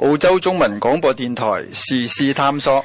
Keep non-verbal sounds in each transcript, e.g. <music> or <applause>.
澳洲中文廣播電台時事探索。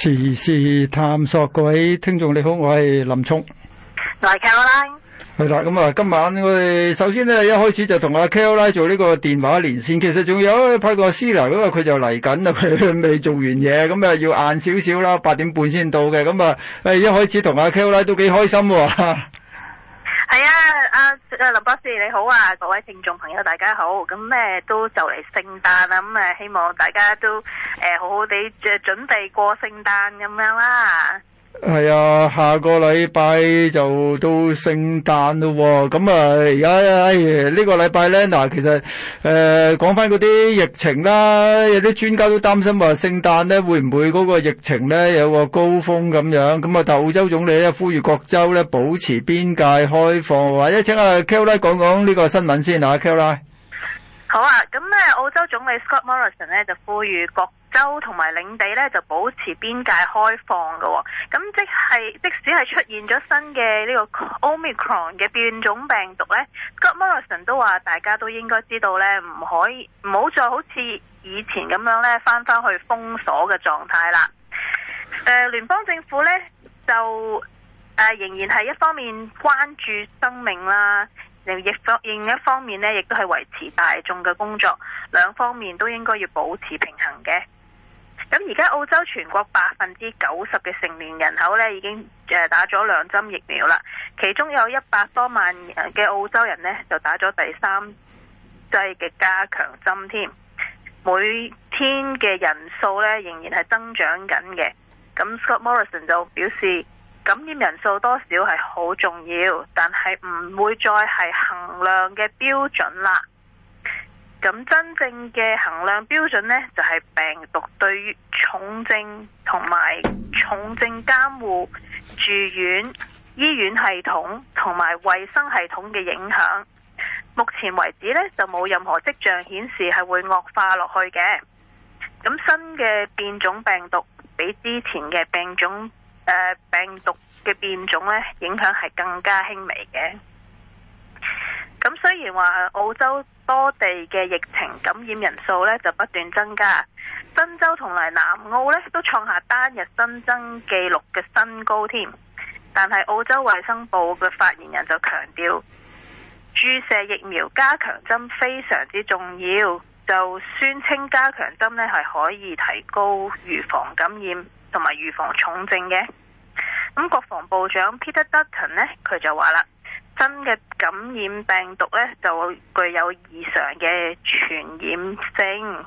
時事探索，各位聽眾你好，我係林聰。來 K O Line，係啦，咁啊，今晚我哋首先咧一開始就同阿 K O Line 做呢個電話連線，其實仲有一批個師奶，因為佢就嚟緊啦，佢未做完嘢，咁啊要晏少少啦，八點半先到嘅，咁啊，誒，一開始同阿 K O Line 都幾開心喎。 <laughs> 係啊，林博士你好啊，各位聽眾朋友大家好，咁呢都就嚟聖誕啦，咁希望大家都誒、呃、好好地準準備過聖誕咁樣啦。係啊，下個禮拜就到聖誕咯，咁啊而家呢個禮拜咧，嗱其實誒講翻嗰啲疫情啦，有啲專家都擔心話聖誕咧會唔會嗰個疫情咧有個高峰咁樣，咁啊但係澳洲總理咧呼籲各州咧保持邊界開放，或者請阿 Kelie 講講呢個新聞先啊，Kelie。好啊，咁誒澳洲總理 Scott Morrison 咧就呼籲各。州同埋領地咧就保持邊界開放嘅、哦，咁即係即使係出現咗新嘅呢個 Omicron 嘅變種病毒咧 Morrison 都話大家都應該知道咧，唔可以唔好再好似以前咁樣咧，翻翻去封鎖嘅狀態啦。誒、呃，聯邦政府咧就誒、呃、仍然係一方面關注生命啦，又亦方另一方面咧，亦都係維持大眾嘅工作，兩方面都應該要保持平衡嘅。咁而家澳洲全國百分之九十嘅成年人口咧，已經誒打咗兩針疫苗啦，其中有一百多萬嘅澳洲人呢，就打咗第三劑嘅加強針添。每天嘅人數咧，仍然係增長緊嘅。咁 Scott Morrison 就表示，感染人數多少係好重要，但係唔會再係衡量嘅標準啦。咁真正嘅衡量標準呢，就係、是、病毒對於重症同埋重症監護住院醫院系統同埋衛生系統嘅影響。目前為止呢，就冇任何跡象顯示係會惡化落去嘅。咁新嘅變種病毒比之前嘅病種誒、呃、病毒嘅變種呢，影響係更加輕微嘅。咁雖然話澳洲多地嘅疫情感染人數呢就不斷增加，新州同埋南澳呢都創下單日新增紀錄嘅新高添，但係澳洲衛生部嘅發言人就強調，注射疫苗加強針非常之重要，就宣稱加強針呢係可以提高預防感染同埋預防重症嘅。咁國防部長 Peter Dutton 呢，佢就話啦。真嘅感染病毒咧，就會具有異常嘅傳染性，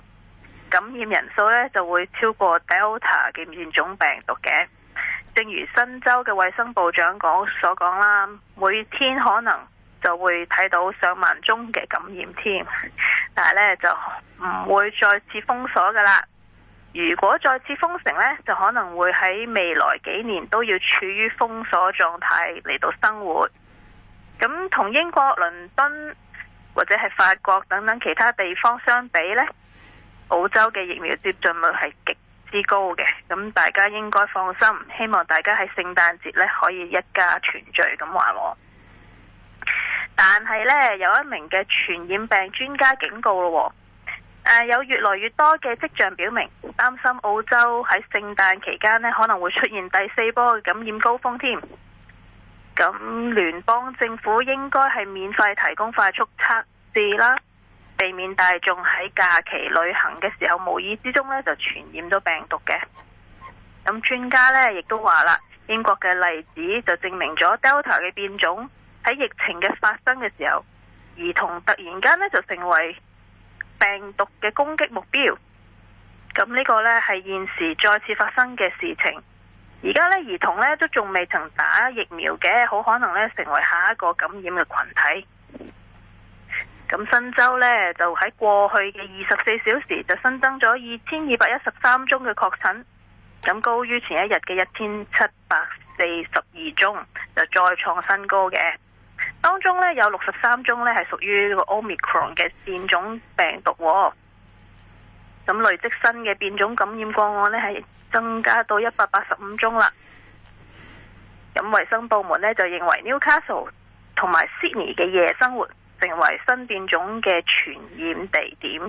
感染人數咧，就會超過 Delta 嘅變種病毒嘅。正如新州嘅衛生部長講所講啦，每天可能就會睇到上萬宗嘅感染添，但係咧就唔會再次封鎖噶啦。如果再次封城咧，就可能會喺未來幾年都要處於封鎖狀態嚟到生活。咁同英國倫敦或者係法國等等其他地方相比呢，澳洲嘅疫苗接種率係極之高嘅，咁大家應該放心。希望大家喺聖誕節呢可以一家團聚咁話喎。但係呢有一名嘅傳染病專家警告咯，誒、呃、有越來越多嘅跡象表明，擔心澳洲喺聖誕期間呢可能會出現第四波嘅感染高峰添。咁聯邦政府應該係免費提供快速測試啦，避免大眾喺假期旅行嘅時候無意之中呢就傳染到病毒嘅。咁專家呢亦都話啦，英國嘅例子就證明咗 Delta 嘅變種喺疫情嘅發生嘅時候，兒童突然間呢就成為病毒嘅攻擊目標。咁呢個呢係現時再次發生嘅事情。而家咧，兒童咧都仲未曾打疫苗嘅，好可能咧成為下一個感染嘅群體。咁新州咧就喺過去嘅二十四小時就新增咗二千二百一十三宗嘅確診，咁高於前一日嘅一千七百四十二宗，就再創新高嘅。當中咧有六十三宗咧係屬於呢個 Omicron 嘅變種病毒喎、哦。咁累積新嘅變種感染個案呢，係增加到一百八十五宗啦。咁衛生部門呢，就認為 Newcastle 同埋 Sydney 嘅夜生活成為新變種嘅傳染地點。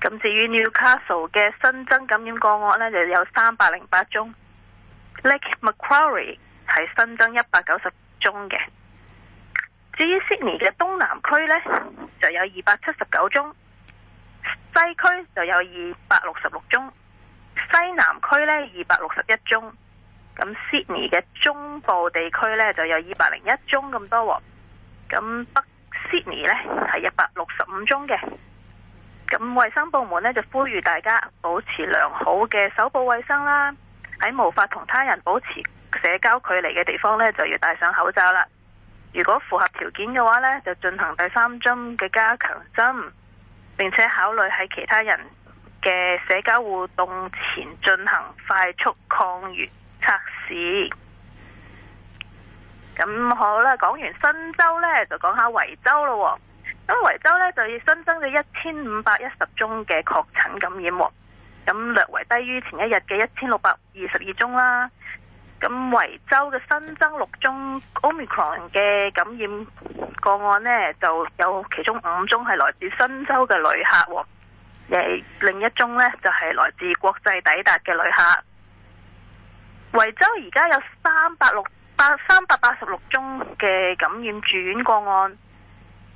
咁至於 Newcastle 嘅新增感染個案呢，就有三百零八宗；Lake Macquarie 係新增一百九十宗嘅。至於 Sydney 嘅東南區呢，就有二百七十九宗。西區就有二百六十六宗，西南區呢，二百六十一宗，咁 Sydney 嘅中部地區呢就有二百零一宗咁多，咁北 Sydney 呢係一百六十五宗嘅。咁衛生部門呢就呼籲大家保持良好嘅手部衛生啦，喺無法同他人保持社交距離嘅地方呢，就要戴上口罩啦。如果符合條件嘅話呢，就進行第三針嘅加強針。並且考慮喺其他人嘅社交互動前進行快速抗原測試。咁好啦，講完新州呢，就講下維州咯喎。咁維州呢，就新增咗一千五百一十宗嘅確診感染喎，咁略為低於前一日嘅一千六百二十二宗啦。咁維州嘅新增六宗 Omicron 嘅感染個案呢，就有其中五宗係來自新州嘅旅客，哦，誒，另一宗呢，就係、是、來自國際抵達嘅旅客。維州而家有三百六百三百八十六宗嘅感染住院個案。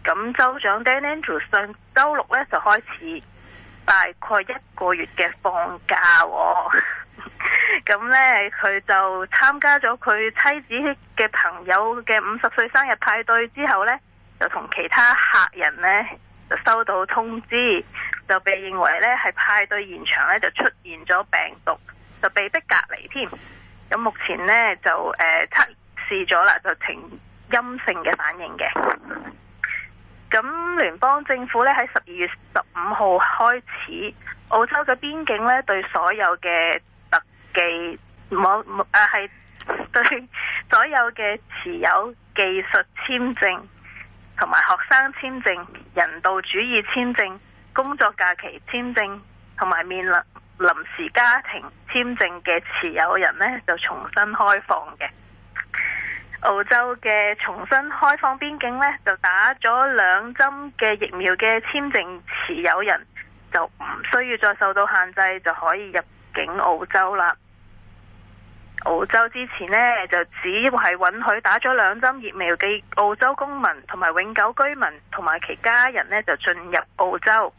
咁州長 Daniel 上周六呢，就開始大概一個月嘅放假，哦。咁咧，佢就參加咗佢妻子嘅朋友嘅五十歲生日派對之後咧，就同其他客人咧就收到通知，就被認為咧係派對現場咧就出現咗病毒，就被逼隔離添。咁目前咧就誒測試咗啦，就呈陰性嘅反應嘅。咁聯邦政府咧喺十二月十五號開始，澳洲嘅邊境咧對所有嘅技，冇啊，係對所有嘅持有技術簽證同埋學生簽證、人道主義簽證、工作假期簽證同埋面臨臨時家庭簽證嘅持有人咧，就重新開放嘅澳洲嘅重新開放邊境咧，就打咗兩針嘅疫苗嘅簽證持有人就唔需要再受到限制，就可以入境澳洲啦。澳洲之前呢，就只係允許打咗兩針疫苗嘅澳洲公民同埋永久居民同埋其家人呢就進入澳洲。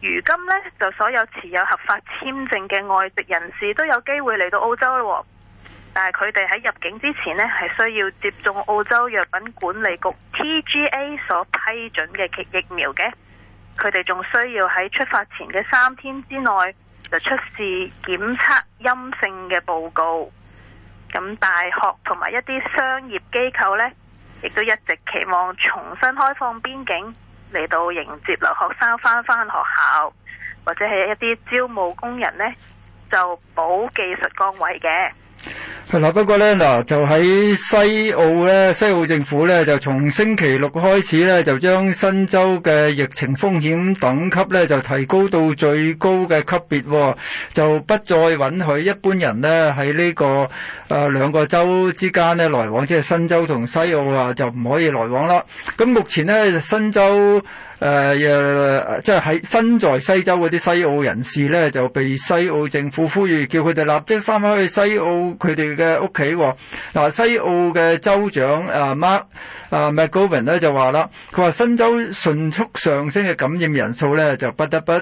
如今呢，就所有持有合法簽證嘅外籍人士都有機會嚟到澳洲咯喎。但係佢哋喺入境之前呢，係需要接種澳洲藥品管理局 TGA 所批准嘅疫苗嘅。佢哋仲需要喺出發前嘅三天之內就出示檢測陰性嘅報告。咁大學同埋一啲商業機構呢，亦都一直期望重新開放邊境嚟到迎接留學生返返學校，或者係一啲招募工人呢，就補技術崗位嘅。係啦，不過咧，嗱就喺西澳咧，西澳政府咧就從星期六開始咧，就將新州嘅疫情風險等級咧就提高到最高嘅級別。哦，就不再允許一般人呢喺呢、呢個誒、呃、兩個州之間咧來往，即係新州同西澳啊，就唔可以來往啦。咁目前呢，新州。誒誒、呃，即係喺身在西州嗰啲西澳人士咧，就被西澳政府呼籲，叫佢哋立即翻返去西澳佢哋嘅屋企。嗱、啊，西澳嘅州長阿、啊、Mark 啊 McGowan 咧就話啦，佢話新州迅速上升嘅感染人數咧，就不得不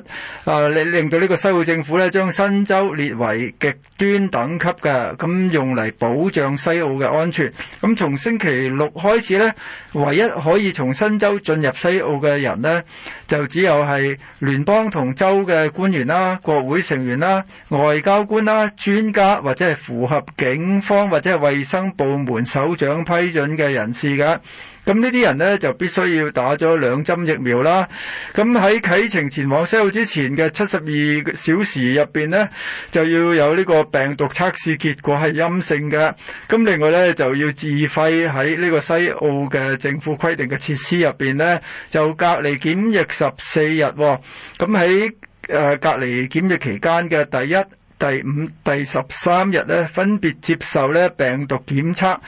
啊，令令到呢個西澳政府咧將新州列為極端等級嘅，咁用嚟保障西澳嘅安全。咁從星期六開始咧，唯一可以從新州進入西澳嘅人。咧就只有係聯邦同州嘅官員啦、國會成員啦、外交官啦、專家或者係符合警方或者係衛生部門首長批准嘅人士噶。咁呢啲人呢，就必須要打咗兩針疫苗啦。咁喺啟程前往西澳之前嘅七十二小時入面呢，就要有呢個病毒測試結果係陰性嘅。咁另外呢，就要自費喺呢個西澳嘅政府規定嘅設施入面呢，就隔離檢疫十四日。咁喺誒隔離檢疫期間嘅第一、第五、第十三日呢，分別接受呢病毒檢測。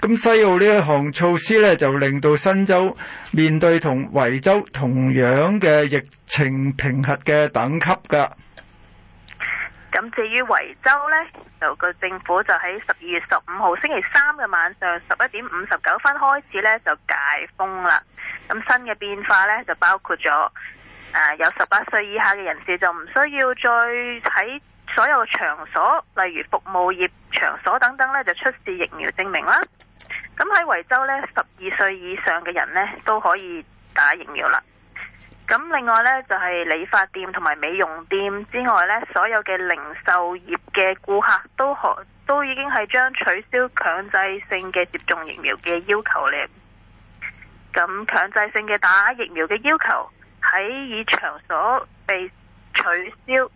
咁西澳呢一項措施呢，就令到新州面對同維州同樣嘅疫情評核嘅等級㗎。咁至於維州呢，就個政府就喺十二月十五號星期三嘅晚上十一點五十九分開始呢，就解封啦。咁新嘅變化呢，就包括咗，誒有十八歲以下嘅人士就唔需要再喺。所有場所，例如服務業場所等等咧，就出示疫苗證明啦。咁喺維州咧，十二歲以上嘅人咧都可以打疫苗啦。咁另外咧就係、是、理髮店同埋美容店之外咧，所有嘅零售業嘅顧客都可都已經係將取消強制性嘅接種疫苗嘅要求咧。咁強制性嘅打疫苗嘅要求喺以場所被取消。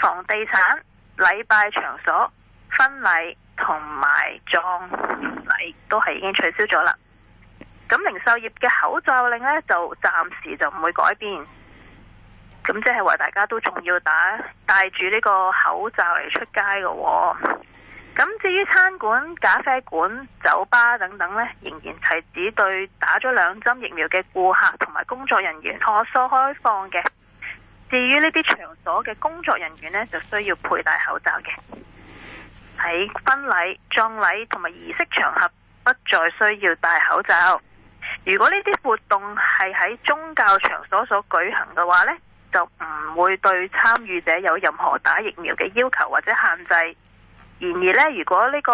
房地產、禮拜場所、婚禮同埋葬禮都係已經取消咗啦。咁零售業嘅口罩令呢，就暫時就唔會改變。咁即係話大家都仲要打戴住呢個口罩嚟出街嘅。咁至於餐館、咖啡館、酒吧等等呢，仍然係只對打咗兩針疫苗嘅顧客同埋工作人員妥疏開放嘅。至於呢啲場所嘅工作人員呢，就需要佩戴口罩嘅。喺婚禮、葬禮同埋儀式場合，不再需要戴口罩。如果呢啲活動係喺宗教場所所舉行嘅話呢，就唔會對參與者有任何打疫苗嘅要求或者限制。然而呢，如果呢個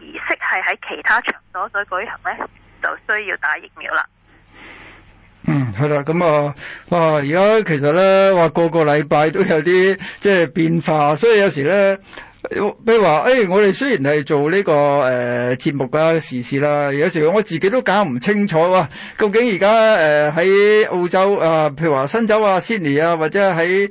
儀式係喺其他場所所舉行呢，就需要打疫苗啦。係啦，咁啊，哇、啊！而家其實咧，話個個禮拜都有啲即係變化，所以有時咧。比如話誒、哎、我哋雖然係做呢、呢個誒節、呃、目啦、時事啦，有時我自己都搞唔清楚啊，究竟而家誒喺澳洲啊，譬如話新州啊、Sydney 啊，或者喺誒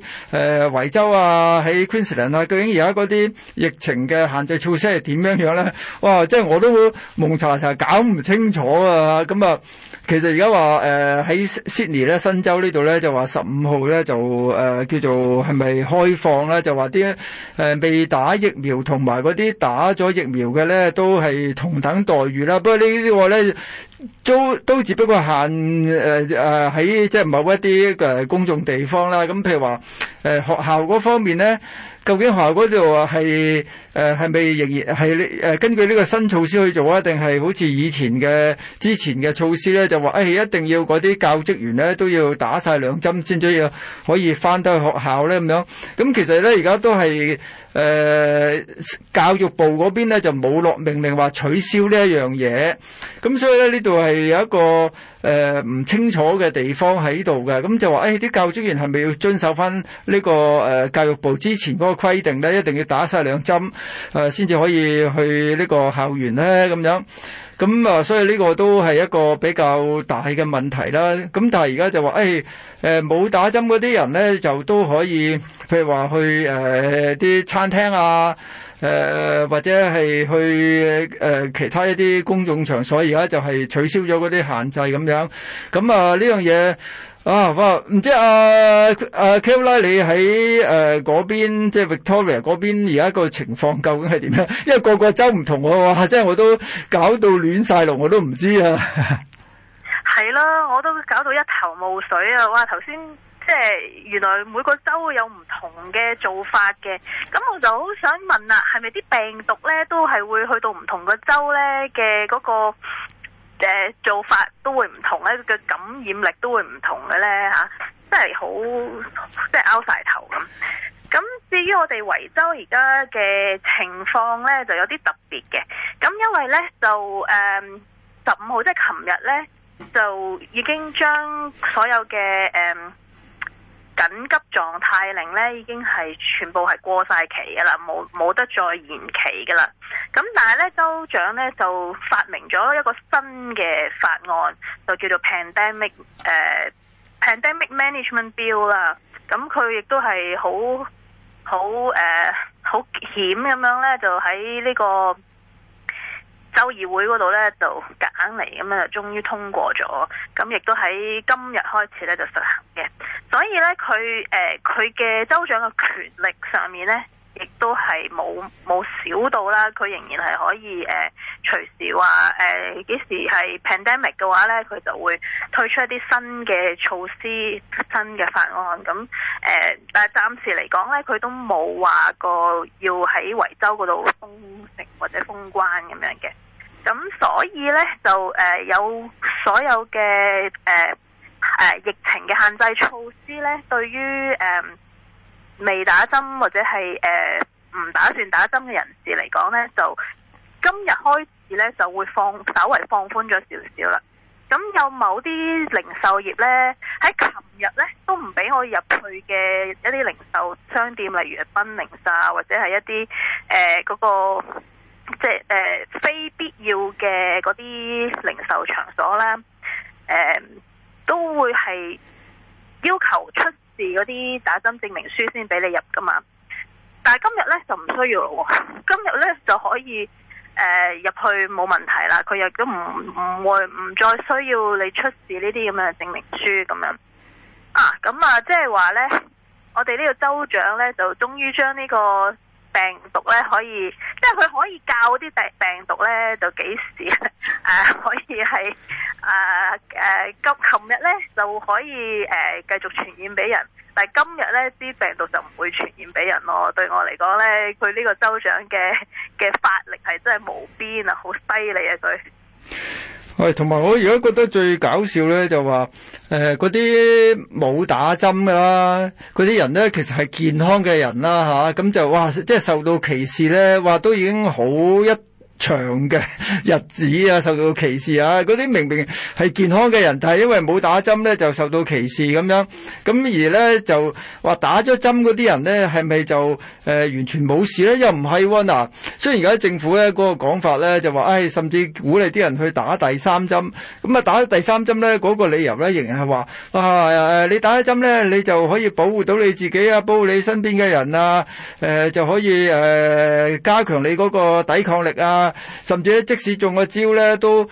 維州啊、喺 Queensland 啊，究竟而家嗰啲疫情嘅限制措施係點樣樣咧？哇！即係我都會蒙查查搞唔清楚啊。咁啊，其實而家話誒喺 Sydney 咧、新州呢度呢度咧，就話十五號咧就誒、呃、叫做係咪開放咧？就話啲誒未打。疫苗同埋嗰啲打咗疫苗嘅咧，都係同等待遇啦。不過呢啲話咧。都都只不過限誒誒喺即係某一啲嘅公眾地方啦，咁譬如話誒學校嗰方面呢，究竟學校嗰度係誒係咪仍然係根據呢個新措施去做啊？定係好似以前嘅之前嘅措施咧，就話誒、哎、一定要嗰啲教職員呢都要打晒兩針先至要可以翻得去學校咧咁樣。咁其實咧而家都係誒、呃、教育部嗰邊呢就冇落命令話取消呢一樣嘢，咁所以咧呢。就係有一個誒唔清楚嘅地方喺度嘅，咁就話誒啲教職員係咪要遵守返呢個誒教育部之前嗰個規定咧？一定要打晒兩針誒先至可以去呢個校園咧咁樣，咁啊所以呢個都係一個比較大嘅問題啦。咁但係而家就話誒。誒冇、呃、打針嗰啲人咧，就都可以，譬如話去誒啲、呃、餐廳啊，誒、呃、或者係去誒、呃、其他一啲公眾場所，而家就係取消咗嗰啲限制咁樣。咁啊呢樣嘢啊，哇！唔知啊 Kelly 你喺誒嗰邊，即係 Victoria 嗰邊而家個情況究竟係點樣？因為個個州唔同喎、啊，即真係我都搞到亂曬龍，我都唔知啊 <laughs> ～係咯，我都搞到一頭霧水啊！哇，頭先即係原來每個州有唔同嘅做法嘅，咁我就好想問啦，係咪啲病毒呢都係會去到唔同個州呢嘅、那個州呢嘅嗰個誒做法都會唔同呢嘅感染力都會唔同嘅呢？吓、啊，真係好即係拗晒頭咁。咁至於我哋維州而家嘅情況呢，就有啲特別嘅，咁因為呢，就誒十五號即係琴日呢。就已經將所有嘅誒、嗯、緊急狀態令咧，已經係全部係過曬期㗎啦，冇冇得再延期㗎啦。咁但係咧，州長咧就發明咗一個新嘅法案，就叫做 Pandemic 誒、呃、Pandemic Management Bill 啦。咁佢亦都係好好誒好險咁樣咧，就喺呢、這個。州議會嗰度咧就揀嚟咁樣，就終於通過咗，咁亦都喺今日開始咧就實行嘅。所以咧，佢誒佢嘅州長嘅權力上面咧，亦都係冇冇少到啦。佢仍然係可以誒、呃、隨時話誒幾時係 pandemic 嘅話咧，佢就會推出一啲新嘅措施、新嘅法案。咁誒、呃，但係暫時嚟講咧，佢都冇話過要喺維州嗰度封城或者封關咁樣嘅。咁所以呢，就誒、呃、有所有嘅誒、呃呃、疫情嘅限制措施呢，對於誒、呃、未打針或者係誒唔打算打針嘅人士嚟講呢，就今日開始呢，就會放稍微放寬咗少少啦。咁有某啲零售業呢，喺琴日呢都唔畀我入去嘅一啲零售商店，例如係奔寧啊，或者係一啲誒嗰個。即係誒、呃，非必要嘅嗰啲零售場所啦，誒、呃、都會係要求出示嗰啲打針證明書先俾你入噶嘛。但係今日咧就唔需要咯。哦，今日咧就可以誒、呃、入去冇問題啦。佢又都唔唔會唔再需要你出示呢啲咁嘅證明書咁樣。啊，咁啊，即係話咧，我哋呢個州長咧就終於將呢、呢個。病毒咧可以，即係佢可以教啲病病毒咧，就幾時誒、啊、可以係誒誒今琴日咧就可以誒繼、啊、續傳染俾人，但係今日咧啲病毒就唔會傳染俾人咯。對我嚟講咧，佢呢個州長嘅嘅法力係真係無邊啊，好犀利啊佢！喂，同埋我而家覺得最搞笑咧，就話誒嗰啲冇打針噶啦，嗰啲人咧其實係健康嘅人啦吓，咁、啊、就哇，即係受到歧視咧，哇都已經好一。長嘅日子啊，受到歧視啊！嗰啲明明係健康嘅人，但係因為冇打針咧，就受到歧視咁樣。咁而咧就話打咗針嗰啲人咧，係咪就、呃、完全冇事咧？又唔係喎嗱。雖然而家政府咧嗰、嗰個講法咧就話，唉、哎，甚至鼓勵啲人去打第三針。咁啊打咗第三針咧嗰、嗰個理由咧，仍然係話啊、呃、你打咗針咧，你就可以保護到你自己啊，保護你身邊嘅人啊、呃，就可以誒、呃、加強你嗰個抵抗力啊。甚至即使中個招咧，都誒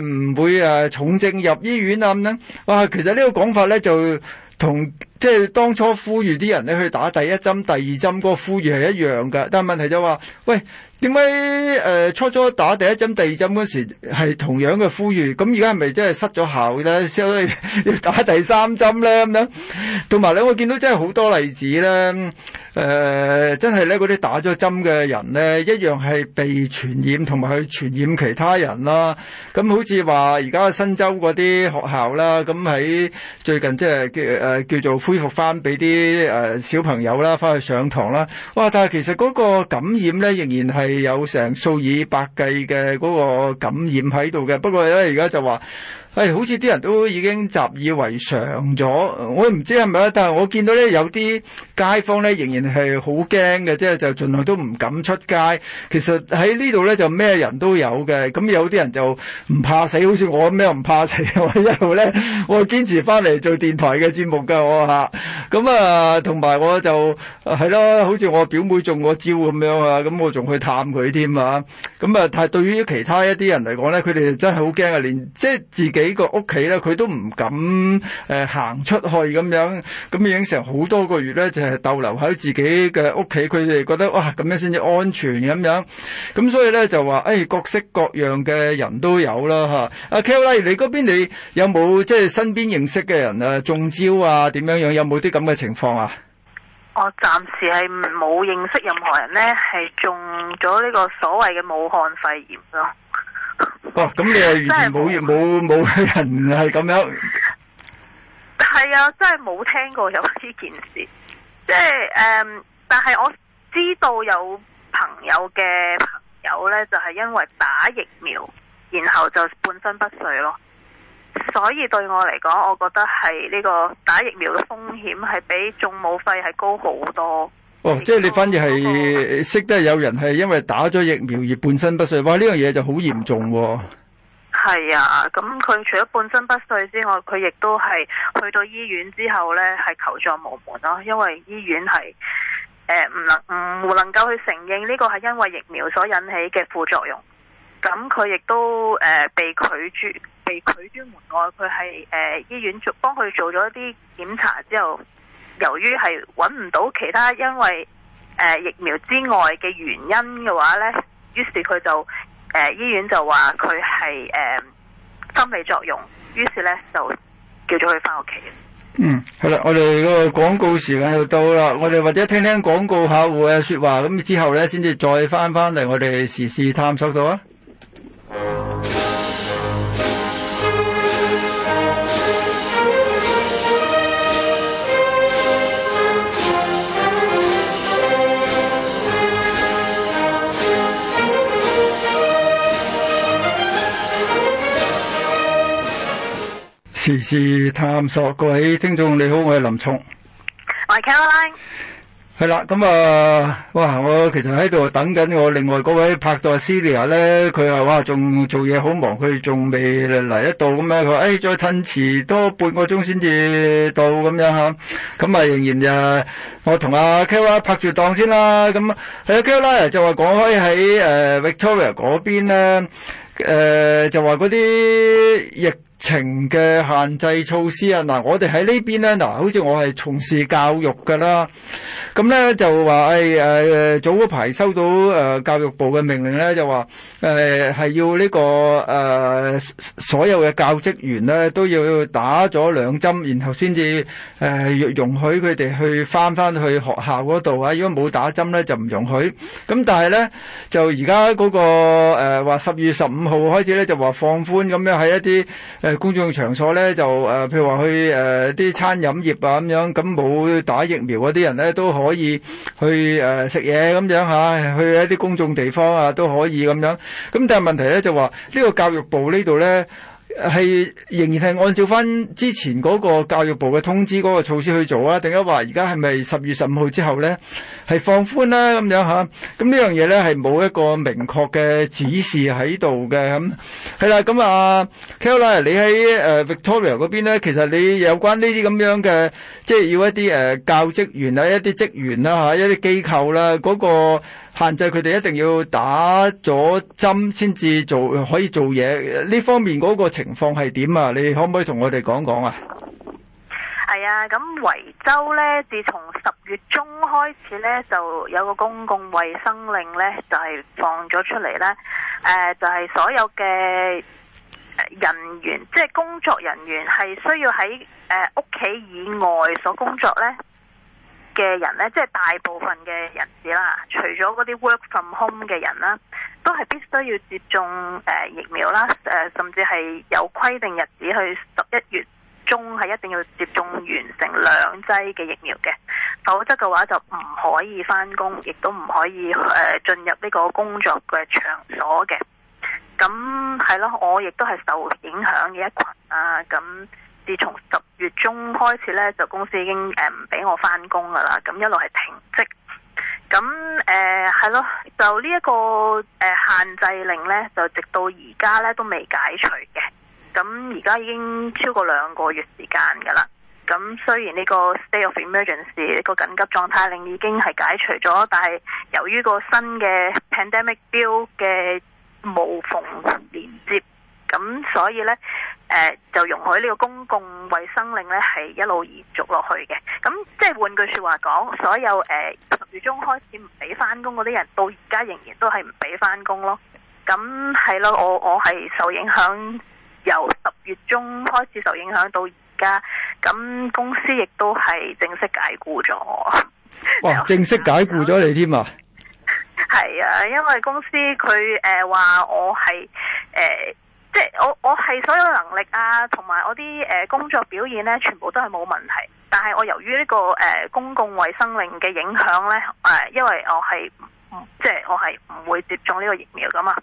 唔、呃、會誒、呃、重症入醫院啊咁樣哇，其實這個呢個講法咧，就同。即係當初呼籲啲人咧去打第一針、第二針，個呼籲係一樣噶。但係問題就話，喂，點解誒初初打第一針、第二針嗰時係同樣嘅呼籲？咁而家係咪真係失咗效咧？需要 <laughs> 打第三針咧？咁樣同埋你會見到真係好多例子咧，誒、呃，真係咧嗰啲打咗針嘅人咧，一樣係被傳染同埋去傳染其他人啦、啊。咁好似話而家新州嗰啲學校啦，咁喺最近即係叫誒叫做。恢復翻俾啲誒小朋友啦，翻去上堂啦。哇！但係其實嗰個感染咧，仍然係有成數以百計嘅嗰個感染喺度嘅。不過咧，而家就話。誒、哎，好似啲人都已經習以為常咗，我唔知係咪。但係我見到咧，有啲街坊咧仍然係好驚嘅，即係就盡量都唔敢出街。其實喺呢度咧，就咩人都有嘅。咁有啲人就唔怕死，好似我咩唔怕死，我一路咧我堅持翻嚟做電台嘅節目㗎，我嚇。咁啊，同埋我就係囉、啊，好似我表妹中我招咁樣啊。咁我仲去探佢添啊。咁啊，但係對於其他一啲人嚟講咧，佢哋真係好驚啊，連即係自己。幾個屋企咧，佢都唔敢誒行出去咁樣，咁已經成好多個月咧，就係逗留喺自己嘅屋企，佢哋覺得哇咁樣先至安全咁樣，咁所以咧就話誒，各式各樣嘅人都有啦吓。阿 Kelly，你嗰邊你有冇即係身邊認識嘅人啊中招啊點樣樣？有冇啲咁嘅情況啊？我暫時係冇認識任何人咧，係中咗呢個所謂嘅武漢肺炎咯。哦，咁你又完全冇、冇、冇沒沒人係咁樣？係啊，真係冇聽過有呢件事。即係誒，但係我知道有朋友嘅朋友呢，就係、是、因為打疫苗，然後就半身不遂咯。所以對我嚟講，我覺得係呢個打疫苗嘅風險係比中武肺係高好多。哦，即係你反而係識得有人係因為打咗疫苗而半身不遂，哇！呢樣嘢就好嚴重喎。哦。係啊，咁佢除咗半身不遂之外，佢亦都係去到醫院之後呢，係求助無門咯。因為醫院係誒唔能唔能夠去承認呢個係因為疫苗所引起嘅副作用。咁佢亦都誒、呃、被拒絕被拒絕門外，佢係誒醫院做幫佢做咗一啲檢查之後，由於係揾唔到其他，因為、呃、疫苗之外嘅原因嘅話呢，於是佢就誒、呃、醫院就話佢係心理作用，於是呢就叫咗佢翻屋企。嗯，好啦，我哋個廣告時間就到啦，我哋或者聽聽廣告客戶嘅說話，咁之後呢，先至再翻翻嚟我哋時事探索度啊。時事探索，各位聽眾你好，我係林松。我係 Caroline。係啦，咁、嗯、啊，哇，我其實喺度等緊我另外嗰位拍檔 Celia 咧，佢係哇，仲做嘢好忙，佢仲未嚟得到咁樣，佢話誒，再等遲多半個鐘先至到咁樣吓，咁、嗯、啊、嗯嗯，仍然就我同阿 Caroline 拍住檔先啦。咁、嗯，阿、啊、Caroline 就話講開喺誒 Victoria 嗰邊咧，誒、呃，就話嗰啲疫。情嘅限制措施啊！嗱，我哋喺呢邊咧，嗱，好似我係從事教育噶啦，咁咧就話誒誒，早排收到、呃、教育部嘅命令咧，就話誒係要呢、呢個誒、呃、所有嘅教職員咧都要打咗兩針，然後先至誒容許佢哋去翻翻去學校嗰度啊！如果冇打針咧就唔容許，咁但係咧就而家嗰個誒話十二月十五號開始咧就話放寬咁樣喺一啲。誒公眾場所咧就誒，譬如話去誒啲餐飲業啊咁樣，咁冇打疫苗嗰啲人咧都可以去誒食嘢咁樣嚇，去一啲公眾地方啊都可以咁樣。咁但係問題咧就話呢個教育部呢度咧。係仍然係按照翻之前嗰個教育部嘅通知嗰個措施去做啊？定係話而家係咪十月十五號之後咧係放寬啦咁樣吓咁呢樣嘢咧係冇一個明確嘅指示喺度嘅咁係啦。咁啊，Kelly，你喺誒、呃、Victoria 邊咧，其實你有關呢啲咁樣嘅，即係要一啲誒、呃、教職員,些職員啊、一啲職員啦吓一啲機構啦、嗰個限制，佢哋一定要打咗針先至做可以做嘢呢方面、嗰個情。情況係點啊？你可唔可以同我哋講講啊？係啊，咁維州呢，自從十月中開始呢，就有個公共衛生令呢，就係、是、放咗出嚟呢。誒、呃，就係、是、所有嘅人員，即、就、係、是、工作人員，係需要喺誒屋企以外所工作呢。嘅人咧，即係大部分嘅人士啦，除咗嗰啲 work from home 嘅人啦，都係必須要接種誒疫苗啦，誒甚至係有規定日子去十一月中係一定要接種完成兩劑嘅疫苗嘅，否則嘅話就唔可以返工，亦都唔可以誒進入呢個工作嘅場所嘅。咁係咯，我亦都係受影響嘅一群啊，咁。自從十月中開始咧，就公司已經誒唔俾我翻工噶啦，咁一路係停職。咁誒係咯，就呢一個誒限制令咧，就直到而家咧都未解除嘅。咁而家已經超過兩個月時間噶啦。咁雖然呢個 state of emergency 個緊急狀態令已經係解除咗，但係由於個新嘅 pandemic bill 嘅無縫連接。咁所以呢，誒、呃、就容許呢個公共衞生令呢，係一路延續落去嘅。咁即係換句説話講，所有誒十、呃、月中開始唔俾翻工嗰啲人，到而家仍然都係唔俾翻工咯。咁係咯，我我係受影響，由十月中開始受影響到而家。咁公司亦都係正式解僱咗我。哇！然後正式解僱咗你添啊？係啊，因為公司佢誒話我係誒。呃即係我我係所有能力啊，同埋我啲誒、呃、工作表現咧，全部都係冇問題。但係我由於呢、這個誒、呃、公共衛生令嘅影響咧，誒、呃、因為我係即係我係唔會接種呢個疫苗噶嘛，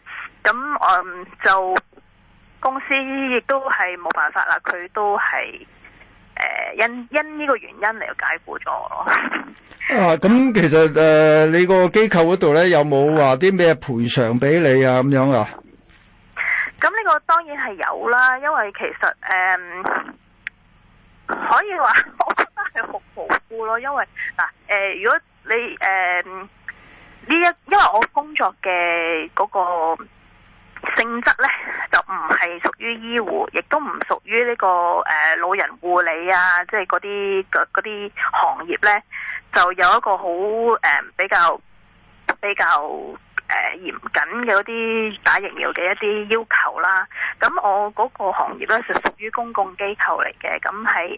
咁嗯、呃、就公司亦都係冇辦法啦，佢都係誒、呃、因因呢個原因嚟到解雇咗我。啊，咁其實誒、呃、你個機構嗰度咧有冇話啲咩賠償俾你啊？咁樣啊？咁呢個當然係有啦，因為其實誒、嗯，可以話我覺得係好無辜咯。因為嗱，誒、呃，如果你誒呢、嗯、一，因為我工作嘅嗰個性質咧，就唔係屬於醫護，亦都唔屬於呢個誒、呃、老人護理啊，即係嗰啲嗰啲行業咧，就有一個好誒比較比較。比較誒嚴謹嘅嗰啲打疫苗嘅一啲要求啦，咁我嗰個行業咧就屬於公共機構嚟嘅，咁喺誒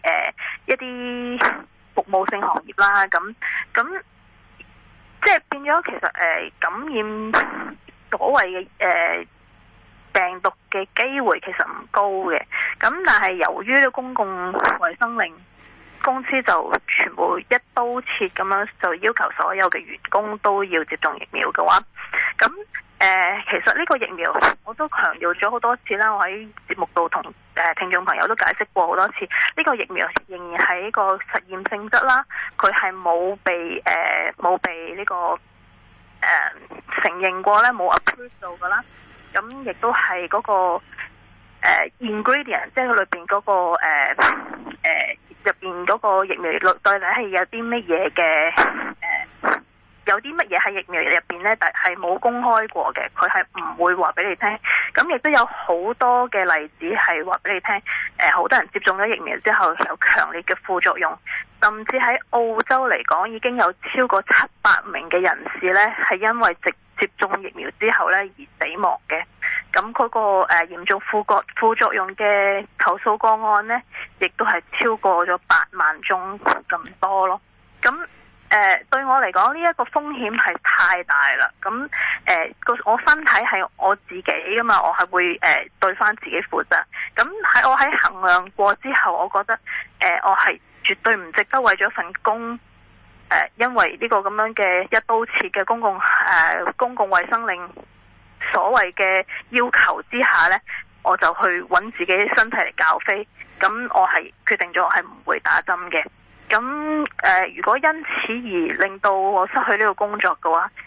一啲服務性行業啦，咁咁即係變咗其實誒、呃、感染所謂嘅誒病毒嘅機會其實唔高嘅，咁但係由於啲公共衞生令，公司就全部一刀切咁樣，就要求所有嘅員工都要接種疫苗嘅話，咁誒、呃、其實呢個疫苗我都強調咗好多次啦，我喺節目度同誒聽眾朋友都解釋過好多次，呢、這個疫苗仍然係一個實驗性質啦，佢係冇被誒冇、呃、被呢、這個誒、呃、承認過咧，冇 approve 到噶啦，咁亦都係嗰個。誒，ingredient 即係佢裏邊嗰個誒誒入邊嗰個疫苗率，到底係有啲乜嘢嘅誒，有啲乜嘢喺疫苗入邊咧，但係冇公開過嘅，佢係唔會話俾你聽。咁亦都有好多嘅例子係話俾你聽，誒，好多人接種咗疫苗之後有強烈嘅副作用，甚至喺澳洲嚟講已經有超過七百名嘅人士咧係因為直。接種疫苗之後咧，而死亡嘅，咁嗰、那個誒、呃、嚴重副覺副、副作用嘅投訴個案咧，亦都係超過咗八萬宗咁多咯。咁誒、呃、對我嚟講，呢、這、一個風險係太大啦。咁誒、呃、我身體係我自己噶嘛，我係會誒、呃、對翻自己負責。咁喺我喺衡量過之後，我覺得誒、呃、我係絕對唔值得為咗份工。誒，因為呢個咁樣嘅一刀切嘅公共誒、呃、公共衛生令所謂嘅要求之下呢，我就去揾自己身體嚟教飛。咁我係決定咗我係唔會打針嘅。咁誒、呃，如果因此而令到我失去呢個工作嘅話，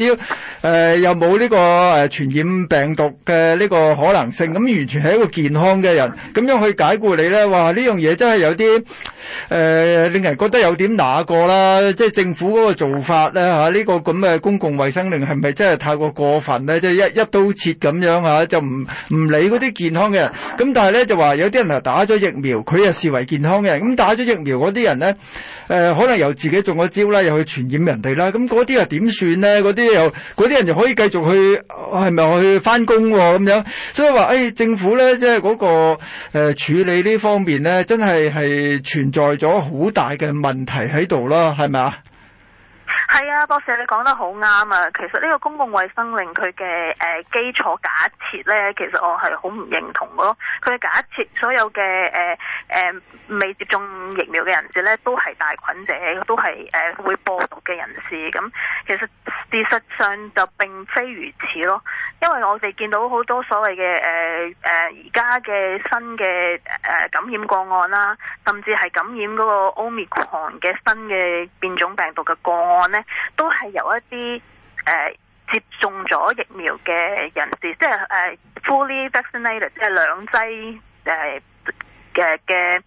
只要、呃、又冇呢、呢個誒、呃、傳染病毒嘅呢個可能性，咁完全係一個健康嘅人咁樣去解雇你咧，話呢樣嘢真係有啲誒、呃、令人覺得有點那個啦，即係政府嗰個做法咧呢、啊呢個咁嘅公共衛生令係咪真係太過過分呢？即、就、係、係、一一刀切咁樣、啊、就唔唔理嗰啲健康嘅人，咁但係咧就話有啲人啊打咗疫苗，佢又視為健康嘅人，咁打咗疫苗嗰啲人咧、呃、可能由自己中咗招啦，又去傳染人哋啦，咁嗰啲又點算咧？嗰啲又嗰啲人就可以繼續去係咪去翻工喎咁樣，所以話誒、哎、政府咧，即係、那、嗰個誒、呃、處理呢方面咧，真係係存在咗好大嘅問題喺度啦，係咪啊？係啊，博士，你講得好啱啊！其實呢個公共衛生令佢嘅、誒基礎假設咧，其實我係好唔認同嘅咯。佢嘅假設，所有嘅誒誒未接種疫苗嘅人士咧，都係帶菌者，都係誒會播毒嘅人士。咁其實事實上就並非如此咯，因為我哋見到好多所謂嘅誒誒而家嘅新嘅誒感染個案啦，甚至係感染嗰個 Omicron 嘅新嘅變種病毒嘅個案咧。都係由一啲誒、呃、接種咗疫苗嘅人士，即係誒、呃、fully vaccinated，即係兩劑誒嘅嘅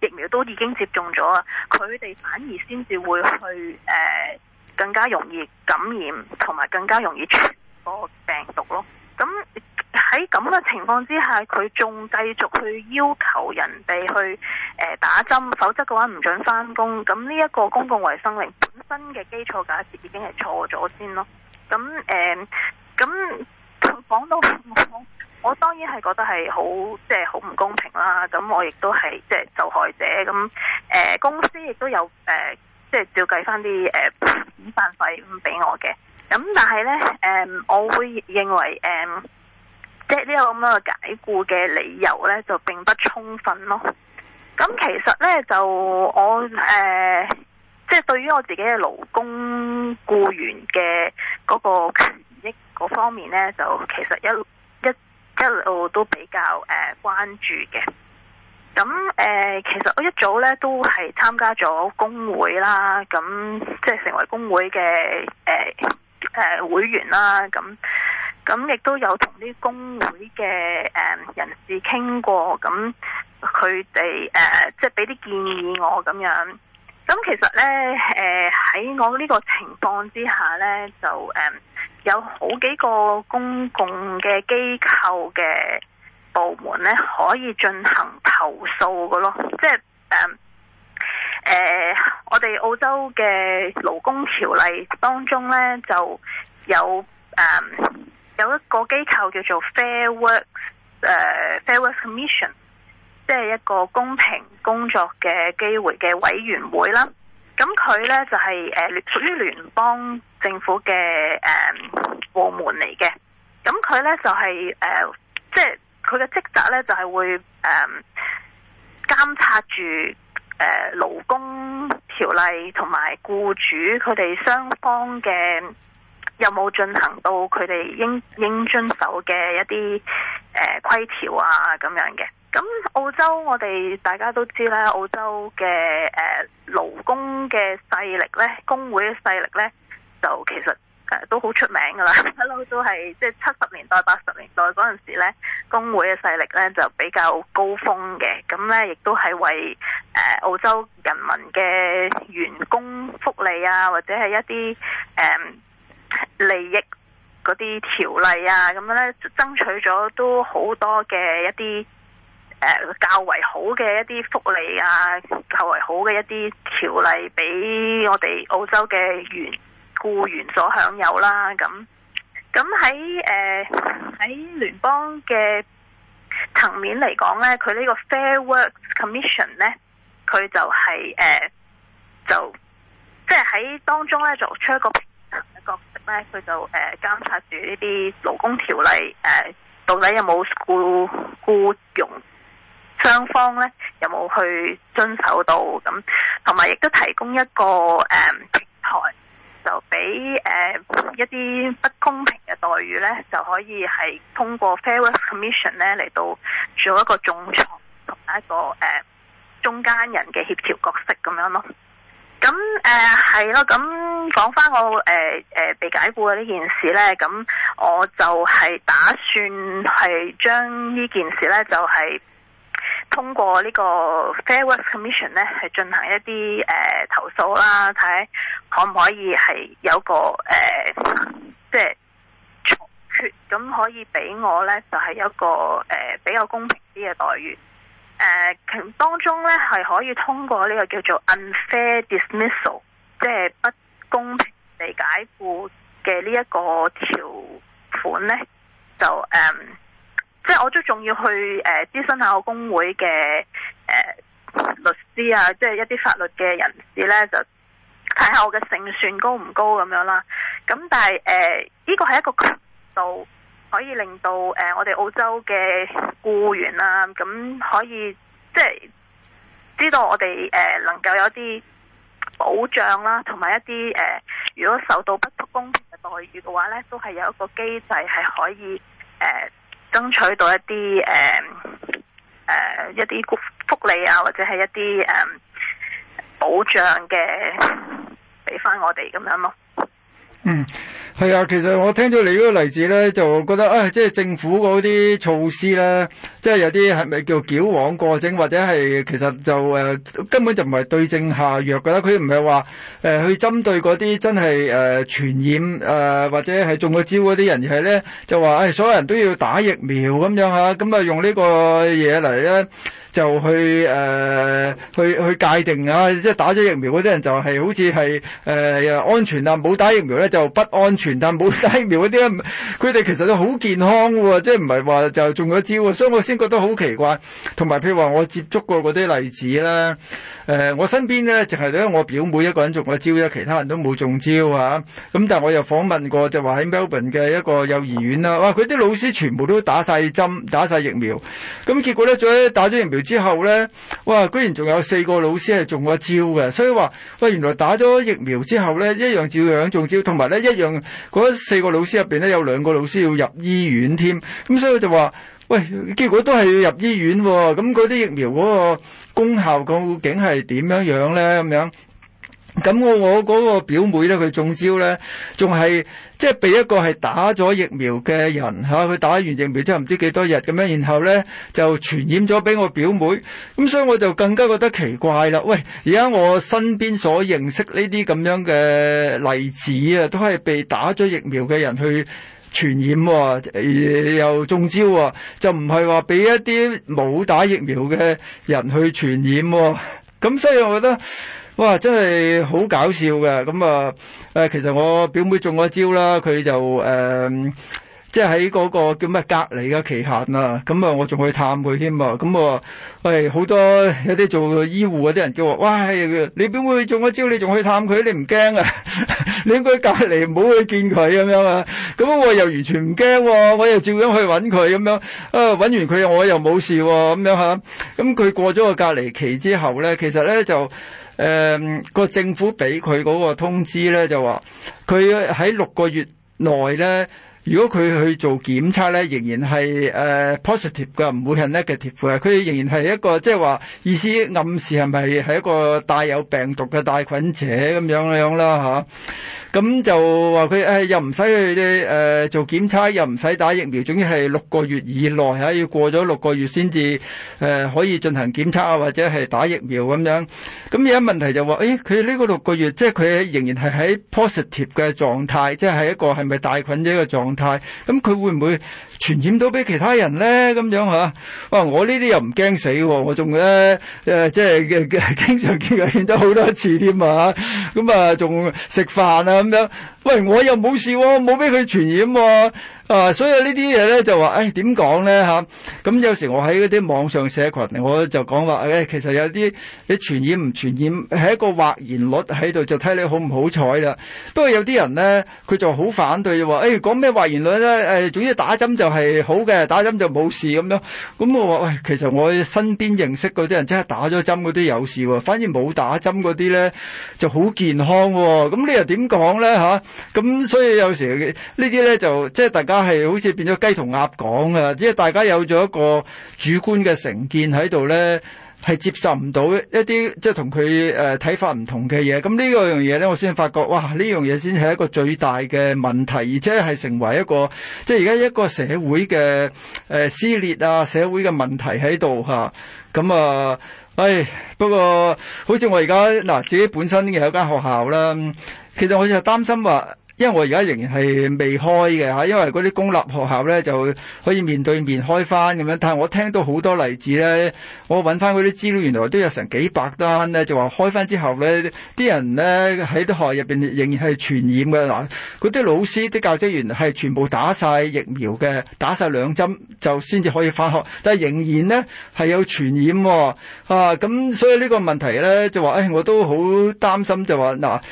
疫苗都已經接種咗啊！佢哋反而先至會去誒、呃、更加容易感染，同埋更加容易傳嗰個病毒咯。咁喺咁嘅情況之下，佢仲繼續去要求人哋去誒、呃、打針，否則嘅話唔准翻工。咁呢一個公共衞生令本身嘅基礎價值已經係錯咗先咯。咁誒，咁、呃、講到我，我當然係覺得係好即係好唔公平啦。咁我亦都係即係受害者。咁誒、呃、公司亦都有誒，即係照計翻啲誒遣散費俾我嘅。咁但係咧誒，我會認為誒。呃即係呢個咁樣嘅解雇嘅理由咧，就並不充分咯。咁其實咧，就我誒、呃，即係對於我自己嘅勞工雇員嘅嗰個權益嗰方面咧，就其實一一一、一路都比較誒、呃、關注嘅。咁誒、呃，其實我一早咧都係參加咗工會啦，咁即係成為工會嘅誒誒會員啦，咁。咁亦都有同啲工會嘅誒人士傾過，咁佢哋誒即係俾啲建議我咁樣。咁其實咧誒喺我呢個情況之下咧，就誒有好幾個公共嘅機構嘅部門咧，可以進行投訴㗎咯。即係誒誒，我哋澳洲嘅勞工條例當中咧就有誒。有一個機構叫做 Fair works、uh, Fair Work，誒 Fair Commission，即係一個公平工作嘅機會嘅委員會啦。咁佢呢就係誒屬於聯邦政府嘅誒、um, 部門嚟嘅。咁佢呢就係誒，即係佢嘅職責呢，就係、是 uh, 就是、會誒監、um, 察住誒勞工條例同埋僱主佢哋雙方嘅。有冇進行到佢哋應應遵守嘅一啲、呃、規條啊咁樣嘅？咁澳洲我哋大家都知啦，澳洲嘅、呃、勞工嘅勢力咧，工會嘅勢力咧，就其實、呃、都好出名㗎啦。 <laughs> 一路都係即係七十年代、八十年代嗰陣時咧，工會嘅勢力咧就比較高峰嘅。咁咧亦都係為、呃、澳洲人民嘅員工福利啊，或者係一啲、呃利益嗰啲條例啊，咁樣咧，爭取咗都好多嘅一啲誒、呃、較為好嘅一啲福利啊，較為好嘅一啲條例俾我哋澳洲嘅員雇員所享有啦。咁咁喺誒喺聯邦嘅層面嚟講咧，佢呢個 Fair Work Commission 咧，佢就係、是、誒、呃、就即係喺當中咧就出一個。咧佢就誒、呃、監察住呢啲勞工條例誒、呃、到底有冇僱傭雙方咧，有冇去遵守到咁，同埋亦都提供一個誒平、呃、台，就俾誒、呃、一啲不公平嘅待遇咧，就可以係通過 Fair Work Commission 咧嚟到做一個仲裁同埋一個誒、呃、中間人嘅協調角色咁樣咯。咁誒係咯，咁講翻我誒誒、呃呃、被解僱嘅呢件事咧，咁我就係打算係將呢件事咧就係、是、通過呢個 Fair Work Commission 咧係進行一啲誒、呃、投訴啦，睇下可唔可以係有個誒即係重決，咁可以俾我咧就係、是、一個誒、呃、比較公平啲嘅待遇。誒，中、呃、當中咧係可以通過呢個叫做 unfair dismissal，即係不公平地解雇嘅呢一個條款咧，就誒，即、嗯、係、就是、我都仲要去誒諮詢下我工會嘅誒、呃、律師啊，即、就、係、是、一啲法律嘅人士咧，就睇下我嘅勝算高唔高咁樣啦。咁但係誒，呢個係一個渠道。可以令到誒、呃，我哋澳洲嘅僱員啊，咁可以即係知道我哋誒、呃、能夠有啲保障啦，同埋一啲誒、呃，如果受到不公平嘅待遇嘅話咧，都係有一個機制係可以誒、呃、爭取到一啲誒誒一啲福利啊，或者係一啲誒、呃、保障嘅，俾翻我哋咁樣咯。嗯，係啊，其實我聽咗你呢個例子咧，就覺得誒、哎、即係政府啲措施咧，即係有啲係咪叫矯枉過正，或者係其實就誒、呃、根本就唔係對症下藥噶啦？佢唔係話誒去針對啲真係誒傳染誒、呃、或者係中咗招啲人，而係咧就話誒、哎、所有人都要打疫苗咁樣吓，咁啊用這個東西來呢個嘢嚟咧就去誒、呃、去去界定啊，即係打咗疫苗啲人就係好似係誒安全啊，冇打疫苗咧又不安全，但冇打疫苗嗰啲咧，佢哋其實都好健康，即係唔係話就中咗招啊？所以我先覺得好奇怪。同埋譬如話我接觸過嗰啲例子啦，誒、呃、我身邊咧淨係咧我表妹一個人中咗招啫，其他人都冇中招啊，咁但係我又訪問過就話喺 Melbourne 嘅一個幼兒園啦，哇！佢啲老師全部都打晒針打晒疫苗，咁結果咧，仲打咗疫苗之後咧，哇！居然仲有四個老師係中咗招嘅，所以話喂，原來打咗疫苗之後咧一樣照樣中招，同埋，咧一樣，嗰四個老師入邊咧，有兩個老師要入醫院添，咁所以就話，喂，結果都係要入醫院喎，咁嗰啲疫苗嗰個功效究竟係點樣樣咧？咁樣。咁我我嗰個表妹咧，佢中招咧，仲係即係俾一個係打咗疫苗嘅人佢、啊、打完疫苗即係唔知幾多日咁樣，然後咧就傳染咗俾我表妹，咁所以我就更加覺得奇怪啦。喂，而家我身邊所認識呢啲咁樣嘅例子啊，都係被打咗疫苗嘅人去傳染喎、啊啊，又中招喎、啊，就唔係話俾一啲冇打疫苗嘅人去傳染喎。咁、啊、所以，我覺得。哇！真係好搞笑嘅咁啊！誒，其實我表妹中咗招啦，佢就誒即係喺嗰個叫咩隔離嘅期限啊。咁、嗯、啊，我仲去探佢添啊。咁、嗯、啊，喂、哎，好多有啲做醫護嗰啲人叫我，哇！你表妹中咗招，你仲去探佢？你唔驚啊？ <laughs> 你應該隔離，唔好去見佢咁樣啊。咁我又完全唔驚，我又照樣去揾佢咁樣啊。揾完佢我又冇事喎，咁樣嚇。咁佢、嗯、過咗個隔離期之後咧，其實咧就。誒個、嗯、政府俾佢嗰個通知咧，就話佢喺六個月內咧，如果佢去做檢測咧，仍然係誒、呃、positive 㗎，唔會係 negative 㗎。佢仍然係一個即係話意思暗示係咪係一個帶有病毒嘅帶菌者咁樣樣啦嚇。啊咁就話佢誒又唔使去誒做檢測，又唔使打疫苗，總之係六個月以內嚇，要過咗六個月先至誒可以進行檢測啊，或者係打疫苗咁樣。咁有一問題就話，誒佢呢個六個月即係佢仍然係喺 positive 嘅狀態，即係一個係咪帶菌者嘅一個狀態？咁佢會唔會傳染到俾其他人咧？咁樣嚇哇！我呢啲又唔驚死，我仲咧誒即係經常見佢見到好多次添啊！咁啊，仲食飯啊～喂，我又冇事喎，冇俾佢傳染喎，啊。啊，所以呢啲嘢咧就話，誒點講咧嚇？咁、啊、有時我喺嗰啲網上社群，我就講話誒，其實有啲你傳染唔傳染係一個或然率喺度，就睇你好唔好彩啦。不過有啲人咧，佢就好反對，話誒講咩或然率咧？誒、哎，總之打針就係好嘅，打針就冇事咁樣。咁我話喂、哎，其實我身邊認識嗰啲人，真係打咗針嗰啲有事喎，反而冇打針嗰啲咧就好健康喎。咁你又點講咧吓？咁、啊、所以有時呢啲咧就即係大家。係好似變咗雞同鴨講啊！即係大家有咗一個主觀嘅成見喺度咧，係接受唔到一啲即係同佢誒睇法唔同嘅嘢。咁呢個樣嘢咧，我先發覺哇！呢樣嘢先係一個最大嘅問題，而且係成為一個即係而家一個社會嘅誒撕裂啊，社會嘅問題喺度嚇。咁啊，唉不過好似我而家嗱自己本身嘅有間學校啦，其實我就擔心話。因為我而家仍然係未開嘅嚇，因為嗰啲公立學校咧就可以面對面開翻咁樣，但係我聽到好多例子咧，我揾翻嗰啲資料，原來都有成幾百單咧，就話開翻之後咧，啲人咧喺啲學校入邊仍然係傳染嘅嗱，嗰啲老師啲教職員係全部打晒疫苗嘅，打晒兩針就先至可以返學，但係仍然呢係有傳染喎啊！咁所以呢個問題咧就話，唉、哎，我都好擔心就話嗱，誒、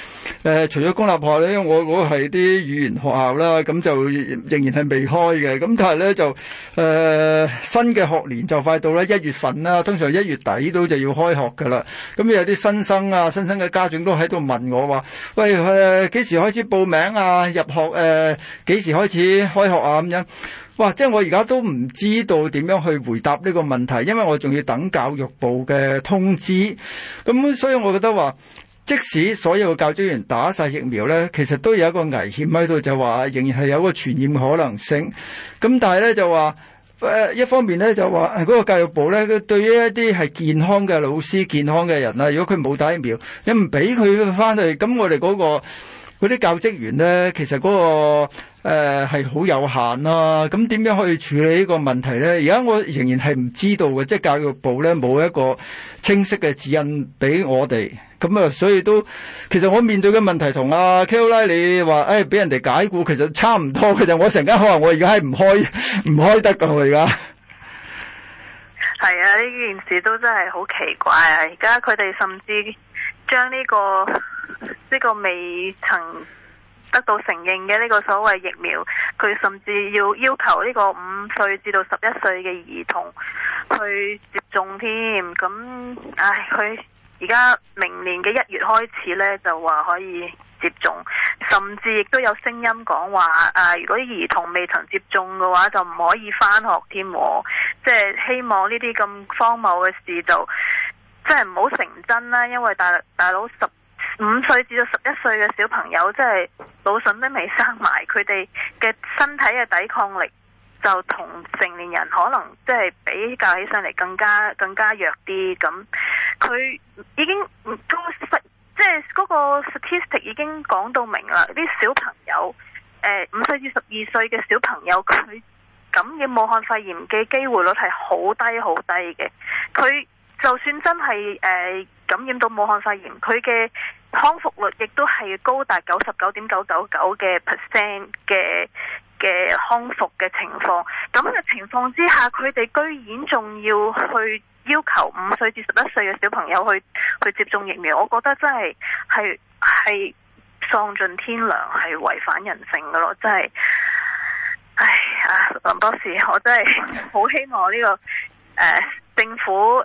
呃，除咗公立學校咧，我我～係啲語言學校啦，咁就仍然係未開嘅。咁但係咧就誒、呃、新嘅學年就快到啦，一月份啦，通常一月底都就要開學噶啦。咁有啲新生啊，新生嘅家長都喺度問我話：「喂誒呃、幾時開始報名啊？入學誒呃、幾時開始開學啊？咁樣，哇！即係我而家都唔知道點樣去回答呢個問題，因為我仲要等教育部嘅通知。咁所以我覺得話。即使所有嘅教職員打晒疫苗咧，其實都有一個危險喺度，就話仍然係有個傳染可能性。咁但係咧就話，誒一方面咧就話嗰個教育部咧，佢對於一啲係健康嘅老師、健康嘅人啊，如果佢冇打疫苗，你唔俾佢翻去，咁我哋嗰個。嗰啲教職員咧，其實嗰個誒係好有限咯。咁點樣可以處理呢個問題咧？而家我仍然係唔知道嘅，即係教育部咧冇一個清晰嘅指引俾我哋。咁啊，所以都其實我面對嘅問題同阿 Kaila 你話誒俾人哋解僱，其實差唔多嘅。就我成間學校，我而家係唔開唔開得噶啦而家。係啊，呢件事都真係好奇怪啊！而家佢哋甚至將呢個。呢個未曾得到承認嘅呢個所謂疫苗，佢甚至要要求呢個五歲至到十一歲嘅兒童去接種添。咁唉，佢而家明年嘅一月開始呢，就話可以接種，甚至亦都有聲音講話啊！如果兒童未曾接種嘅話，就唔可以返學添。即係希望呢啲咁荒謬嘅事就即係唔好成真啦。因為大大佬十。五歲至到十一歲嘅小朋友，即係腦囟都未生埋，佢哋嘅身體嘅抵抗力就同成年人可能即係比較起上嚟更加更加弱啲。咁佢已經、嗰個、即係嗰個 statistic 已經講到明啦。啲小朋友，誒、呃、五歲至十二歲嘅小朋友，佢感染武漢肺炎嘅機會率係好低好低嘅。佢就算真係誒、呃、感染到武漢肺炎，佢嘅康復率亦都係高達九十九點九九九嘅 percent 嘅嘅康復嘅情況，咁嘅情況之下，佢哋居然仲要去要求五歲至十一歲嘅小朋友去去接種疫苗，我覺得真係係係喪盡天良，係違反人性噶咯，真係。唉、啊，林博士，我真係好希望呢、呢個誒。啊政府誒，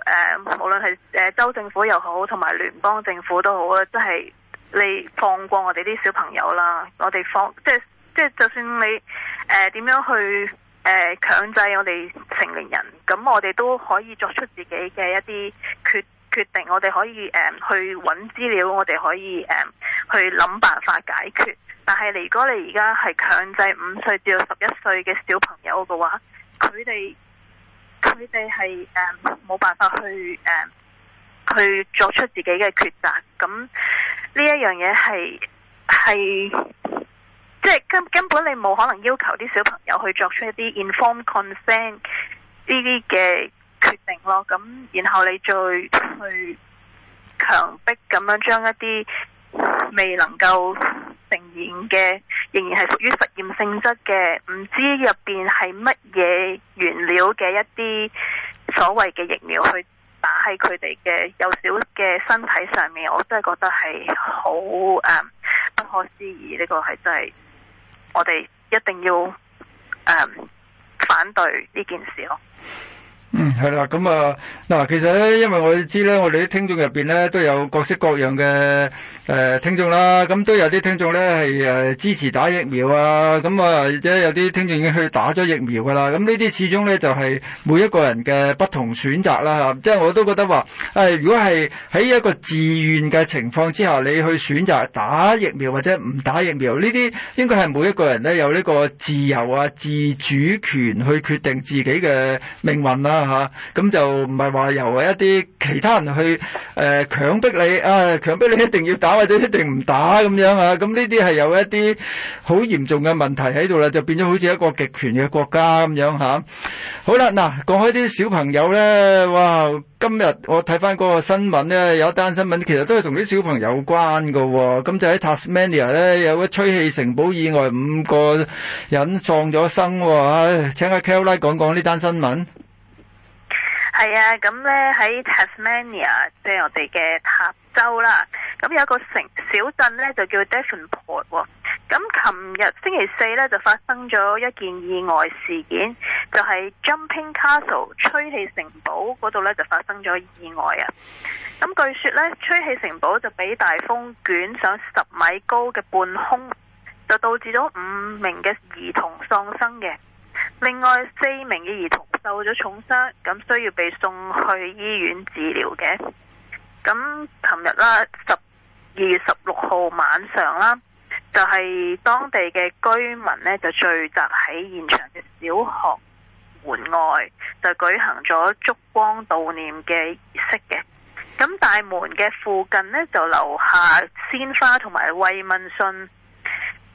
無論係誒州政府又好，同埋聯邦政府都好啦，即係你放過我哋啲小朋友啦，我哋放即係即係，就算你誒點樣去誒強制我哋成年人，咁我哋都可以作出自己嘅一啲決決定，我哋可以誒去揾資料，我哋可以誒去諗辦法解決。但係，如果你而家係強制五歲至到十一歲嘅小朋友嘅話，佢哋。佢哋係誒冇辦法去誒、um, 去作出自己嘅抉擇，咁呢一樣嘢係係即係根根本你冇可能要求啲小朋友去作出一啲 informed consent 呢啲嘅決定咯，咁然後你再去強迫咁樣將一啲未能夠。仍然嘅，仍然係屬於實驗性質嘅，唔知入邊係乜嘢原料嘅一啲所謂嘅疫苗去打喺佢哋嘅幼小嘅身體上面，我真係覺得係好不可思議，呢、呢個係真係我哋一定要、um, 反對呢件事咯。嗯，係啦，咁啊，嗱，其實咧，因為我知咧，我哋啲聽眾入邊咧都有各式各樣嘅誒聽眾啦，咁都有啲聽眾咧係誒支持打疫苗啊，咁啊，或者有啲聽眾已經去打咗疫苗噶啦，咁呢啲始終咧就係每一個人嘅不同選擇啦，吓，即係我都覺得話，誒，如果係喺一個自願嘅情況之下，你去選擇打疫苗或者唔打疫苗，呢啲應該係每一個人咧有呢個自由啊、自主權去決定自己嘅命運啊。吓咁、啊、就唔係話由一啲其他人去誒強逼、呃、你啊，強逼你一定要打或者一定唔打咁樣啊。咁呢啲係有一啲好嚴重嘅問題喺度啦，就變咗好似一個極權嘅國家咁樣吓、啊。好啦，嗱講開啲小朋友咧，哇！今日我睇翻嗰個新聞咧，有一單新聞其實都係同啲小朋友有關噶。咁、啊、就喺 Tasmania 咧，有個吹氣城堡意外，五個人喪咗生。請阿 Kella 講講呢單新聞。係啊，咁呢喺 Tasmania，即係我哋嘅塔州啦。咁有一個城小鎮呢，就叫 Devonport。咁琴日星期四呢，就發生咗一件意外事件，就係、是、Jumping Castle 吹氣城堡嗰度呢，就發生咗意外啊。咁據說呢，吹氣城堡就俾大風捲上十米高嘅半空，就導致咗五名嘅兒童喪生嘅。另外四名嘅兒童受咗重傷，咁需要被送去醫院治療嘅。咁琴日啦，十二月十六號晚上啦，就係當地嘅居民呢就聚集喺現場嘅小學門外，就舉行咗燭光悼念嘅儀式嘅。咁大門嘅附近呢，就留下鮮花同埋慰問信。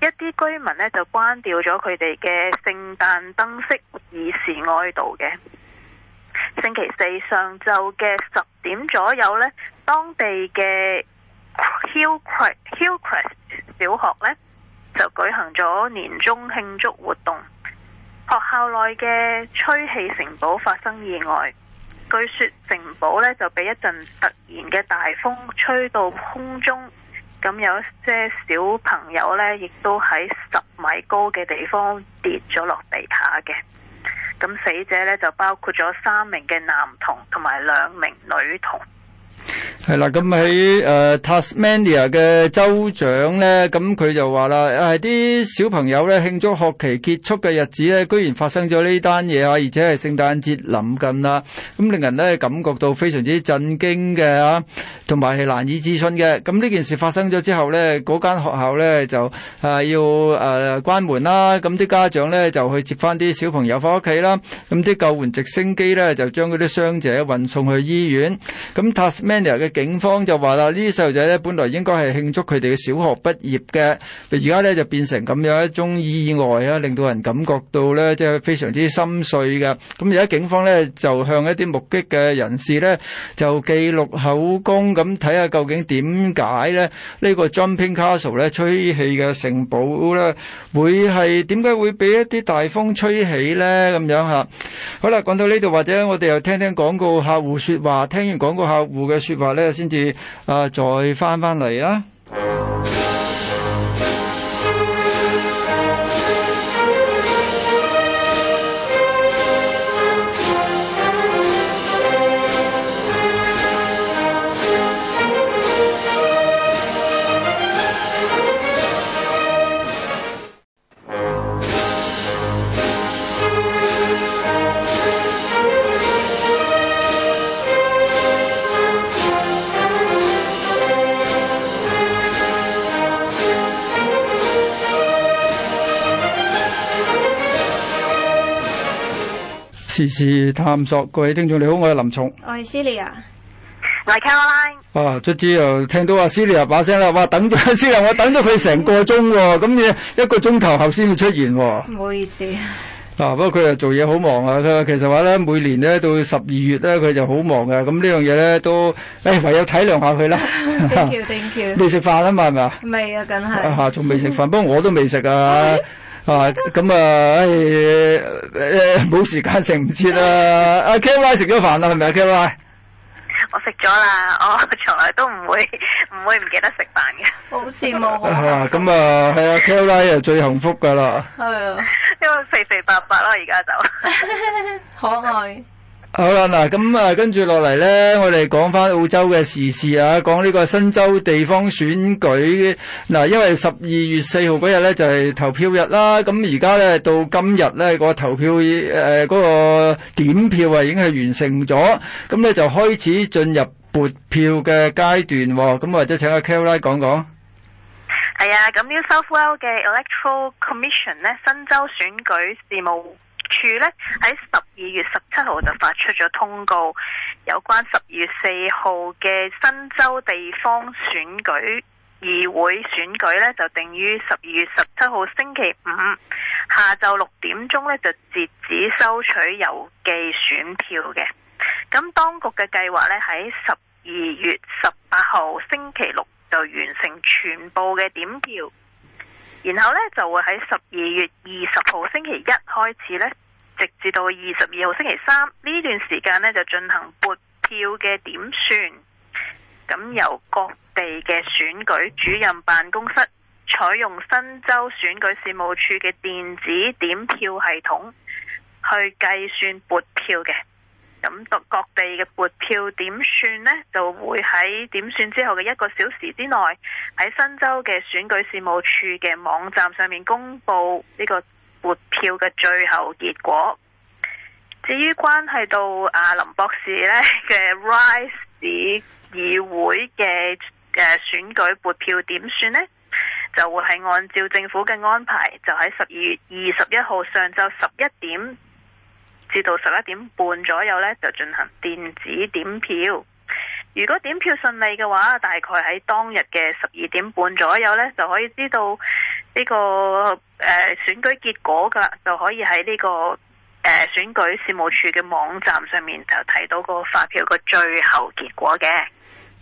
一啲居民呢就關掉咗佢哋嘅聖誕燈飾，以示哀悼嘅。星期四上晝嘅十點左右呢，當地嘅 Hillcrest 小學呢就舉行咗年終慶祝活動。學校內嘅吹氣城堡發生意外，據說城堡呢就俾一陣突然嘅大風吹到空中。咁有些小朋友咧，亦都喺十米高嘅地方跌咗落地下嘅。咁死者咧就包括咗三名嘅男童同埋兩名女童。係啦，咁喺誒 Tasmania 嘅州長咧，咁佢就話啦，係啲小朋友咧慶祝學期結束嘅日子咧，居然發生咗呢單嘢啊，而且係聖誕節臨近啦，咁令人咧感覺到非常之震驚嘅啊，同埋係難以置信嘅。咁呢件事發生咗之後咧，嗰間學校咧就啊要誒關門啦，咁啲家長咧就去接翻啲小朋友翻屋企啦，咁啲救援直升機咧就將嗰啲傷者運送去醫院，咁 Tas。Manila 嘅警方就話啦，呢啲細路仔咧本來應該係慶祝佢哋嘅小學畢業嘅，而家咧就變成咁樣一種意外啊，令到人感覺到咧即係非常之心碎嘅。咁而家警方咧就向一啲目擊嘅人士咧就記錄口供，咁睇下究竟點解咧呢個 Jumping Castle 咧吹氣嘅城堡咧會係點解會俾一啲大風吹起咧咁樣嚇。好啦，講到呢度或者我哋又聽聽廣告客戶説話，聽完廣告客戶嘅。嘅説話咧，先至啊，再翻返嚟啊！時事探索各位聽眾，你好，我係林松，我係 Celia，我係 Caroline。啊，卒之又聽到阿 Celia 把聲啦，哇，等咗 Celia、啊、我等咗佢成個鐘、哦，咁你 <laughs> 一個鐘頭後先會出現、哦。唔好意思。啊，不過佢又做嘢好忙啊，佢其實話咧，每年咧到十二月咧，佢就好忙嘅、啊，咁呢樣嘢咧都，誒、哎，唯有體諒下佢啦。thank you，thank <laughs> you！未食飯啊嘛，係咪啊？未啊，梗係。仲未食飯，不過我都未食啊。 <laughs> <laughs> 啊，咁、哎哎哎、 <laughs> 啊，誒，冇時間食唔切啦。Kelley 食咗飯啦，係咪啊 Kelley？我食咗啦，我從來都唔會唔會唔記得食飯嘅。好羨慕 <laughs> 啊！咁啊，係啊 <laughs> Kelley 又最幸福㗎啦。係啊，因為肥肥白白囉，而家就 <laughs> <laughs> 可愛。好啦，嗱咁啊，跟住落嚟咧，我哋講翻澳洲嘅時事啊，講呢個新州地方選舉嗱，因為十二月四號嗰日咧就係、是、投票日啦，咁而家咧到今日咧、那個投票誒嗰、呃那個點票啊已經係完成咗，咁咧就開始進入撥票嘅階段，咁或者請阿 Kelly 講講。係啊，咁 New South Wales、well、嘅 Electoral Commission 咧，新州選舉事務。處呢喺十二月十七號就發出咗通告，有關十二月四號嘅新州地方選舉議會選舉呢，就定於十二月十七號星期五，下晝六點鐘呢就截止收取郵寄選票嘅。咁當局嘅計劃呢喺十二月十八號星期六就完成全部嘅點票。然後咧，就會喺十二月二十號星期一開始咧，直至到二十二號星期三呢段時間咧，就進行撥票嘅點算，咁由各地嘅選舉主任辦公室採用新州選舉事務處嘅電子點票系統去計算撥票嘅。咁各地嘅撥票點算呢，就會喺點算之後嘅一個小時之內，喺新州嘅選舉事務處嘅網站上面公布呢個撥票嘅最後結果。至於關係到阿林博士呢嘅 rise 市議會嘅誒選舉撥票點算呢，就會係按照政府嘅安排，就喺十二月二十一號上晝十一點。至到十一點半左右呢，就進行電子點票。如果點票順利嘅話，大概喺當日嘅十二點半左右呢，就可以知道呢、這個誒、呃、選舉結果㗎，就可以喺呢、這個誒、呃、選舉事務處嘅網站上面就提到個撥票個最後結果嘅。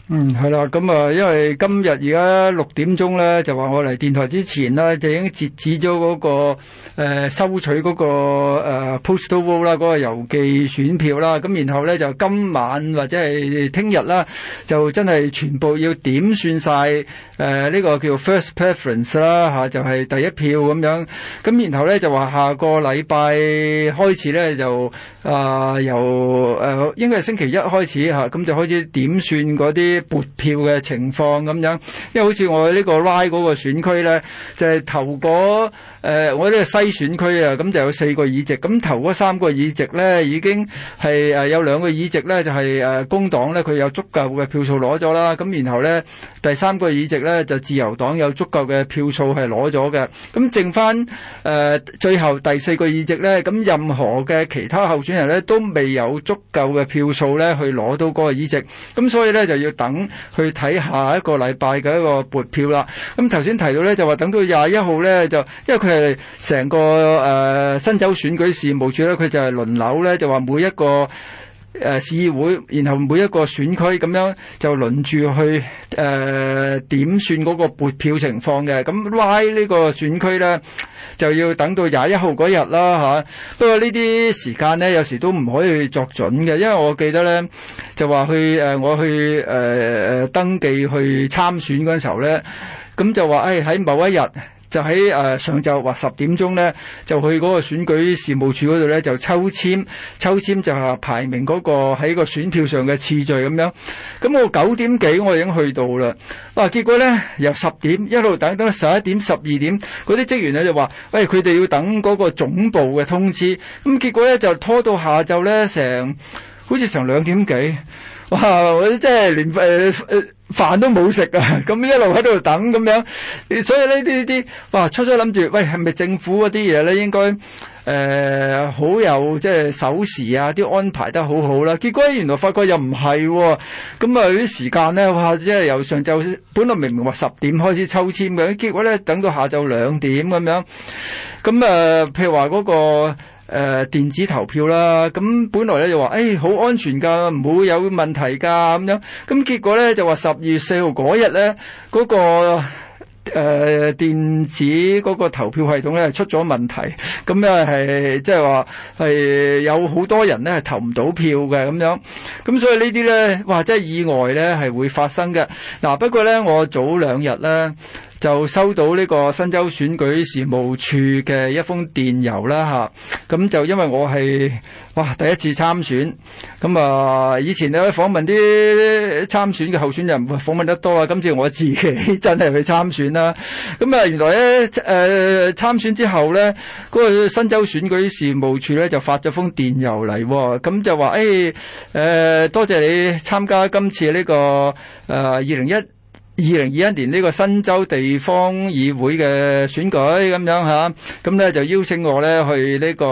嗯，係啦，咁啊，因為今日而家六點鐘咧，就話我嚟電台之前咧，就已經截止咗嗰個誒收取嗰個誒 postal vote 啦，嗰個郵寄選票啦，咁然後咧就今晚或者係聽日啦，就真係全部要點算晒。誒呢、呃這個叫 first preference 啦吓、啊、就係、是、第一票咁樣。咁然後咧就話下個禮拜開始咧就啊、呃、由誒、呃、應該係星期一開始吓咁、啊、就開始點算嗰啲撥票嘅情況咁樣。因為好似我呢個 Ryde 嗰個選區咧，就係頭嗰誒我呢個西選區啊，咁就有四個議席。咁頭嗰三個議席咧已經係誒有兩個議席咧就係、是、誒工黨咧佢有足夠嘅票數攞咗啦。咁然後咧第三個議席咧。就自由黨有足夠嘅票數係攞咗嘅，咁剩翻誒最後第四個議席呢，咁任何嘅其他候選人呢，都未有足夠嘅票數呢去攞到嗰個議席，咁所以呢，就要等去睇下一個禮拜嘅一個撥票啦。咁頭先提到呢，就話等到廿一號呢，就，因為佢係成個誒、呃、新州選舉事務處呢，佢就係輪流呢，就話每一個。誒市議會，然後每一個選區咁樣就輪住去誒、呃、點算嗰個撥票情況嘅，咁拉呢個選區呢，就要等到廿一號嗰日啦，吓，不過呢啲時間呢，有時都唔可以作準嘅，因為我記得呢，就話去誒、呃，我去、呃、登記去參選嗰陣時候呢，咁就話誒喺某一日。就喺上晝話十點鐘咧，就去嗰個選舉事務處嗰度咧，就抽籤。抽籤就係排名嗰個喺個選票上嘅次序咁樣。咁我九點幾我已經去到啦。結果咧由十點一路等等到，十一點、十二點，嗰啲職員咧就話，喂，佢哋要等嗰個總部嘅通知。咁結果咧就拖到下晝咧成，好似成兩點幾。哇！我即係連誒飯都冇食啊！咁、嗯、一路喺度等咁樣，所以呢啲啲哇，初初諗住喂係咪政府嗰啲嘢咧應該誒、呃、好有即係守時啊，啲安排得好好、啊、啦。結果原來發覺又唔係、啊，咁啊啲時間咧話即係由上晝本來明明話十點開始抽籤嘅，結果咧等到下晝兩點咁樣，咁啊、呃、譬如話嗰、嗰個。誒電子投票啦，咁本來咧就話，誒、哎、好安全㗎，唔會有問題㗎，咁樣，咁結果咧就話十二月四號嗰日咧，嗰、那個誒、呃、電子嗰個投票系統咧出咗問題，咁咧係即係話係有好多人咧係投唔到票嘅咁樣，咁所以呢啲咧，哇，真係意外咧係會發生嘅。嗱，不過咧，我早兩日咧。就收到呢個新州選舉事務處嘅一封電郵啦嚇，咁就因為我係哇第一次參選，咁啊以前你可以訪問啲參選嘅候選人，訪問得多啊，今次我自己 <laughs> 真係去參選啦、啊。咁啊原來咧、呃、參選之後呢，嗰、嗰個新州選舉事務處呢就發咗封電郵嚟，喎。咁就話誒多謝你參加今次呢、呢個誒二零一。呃二零二一年呢個新州地方議會嘅選舉咁樣吓，咁咧就邀請我咧去呢個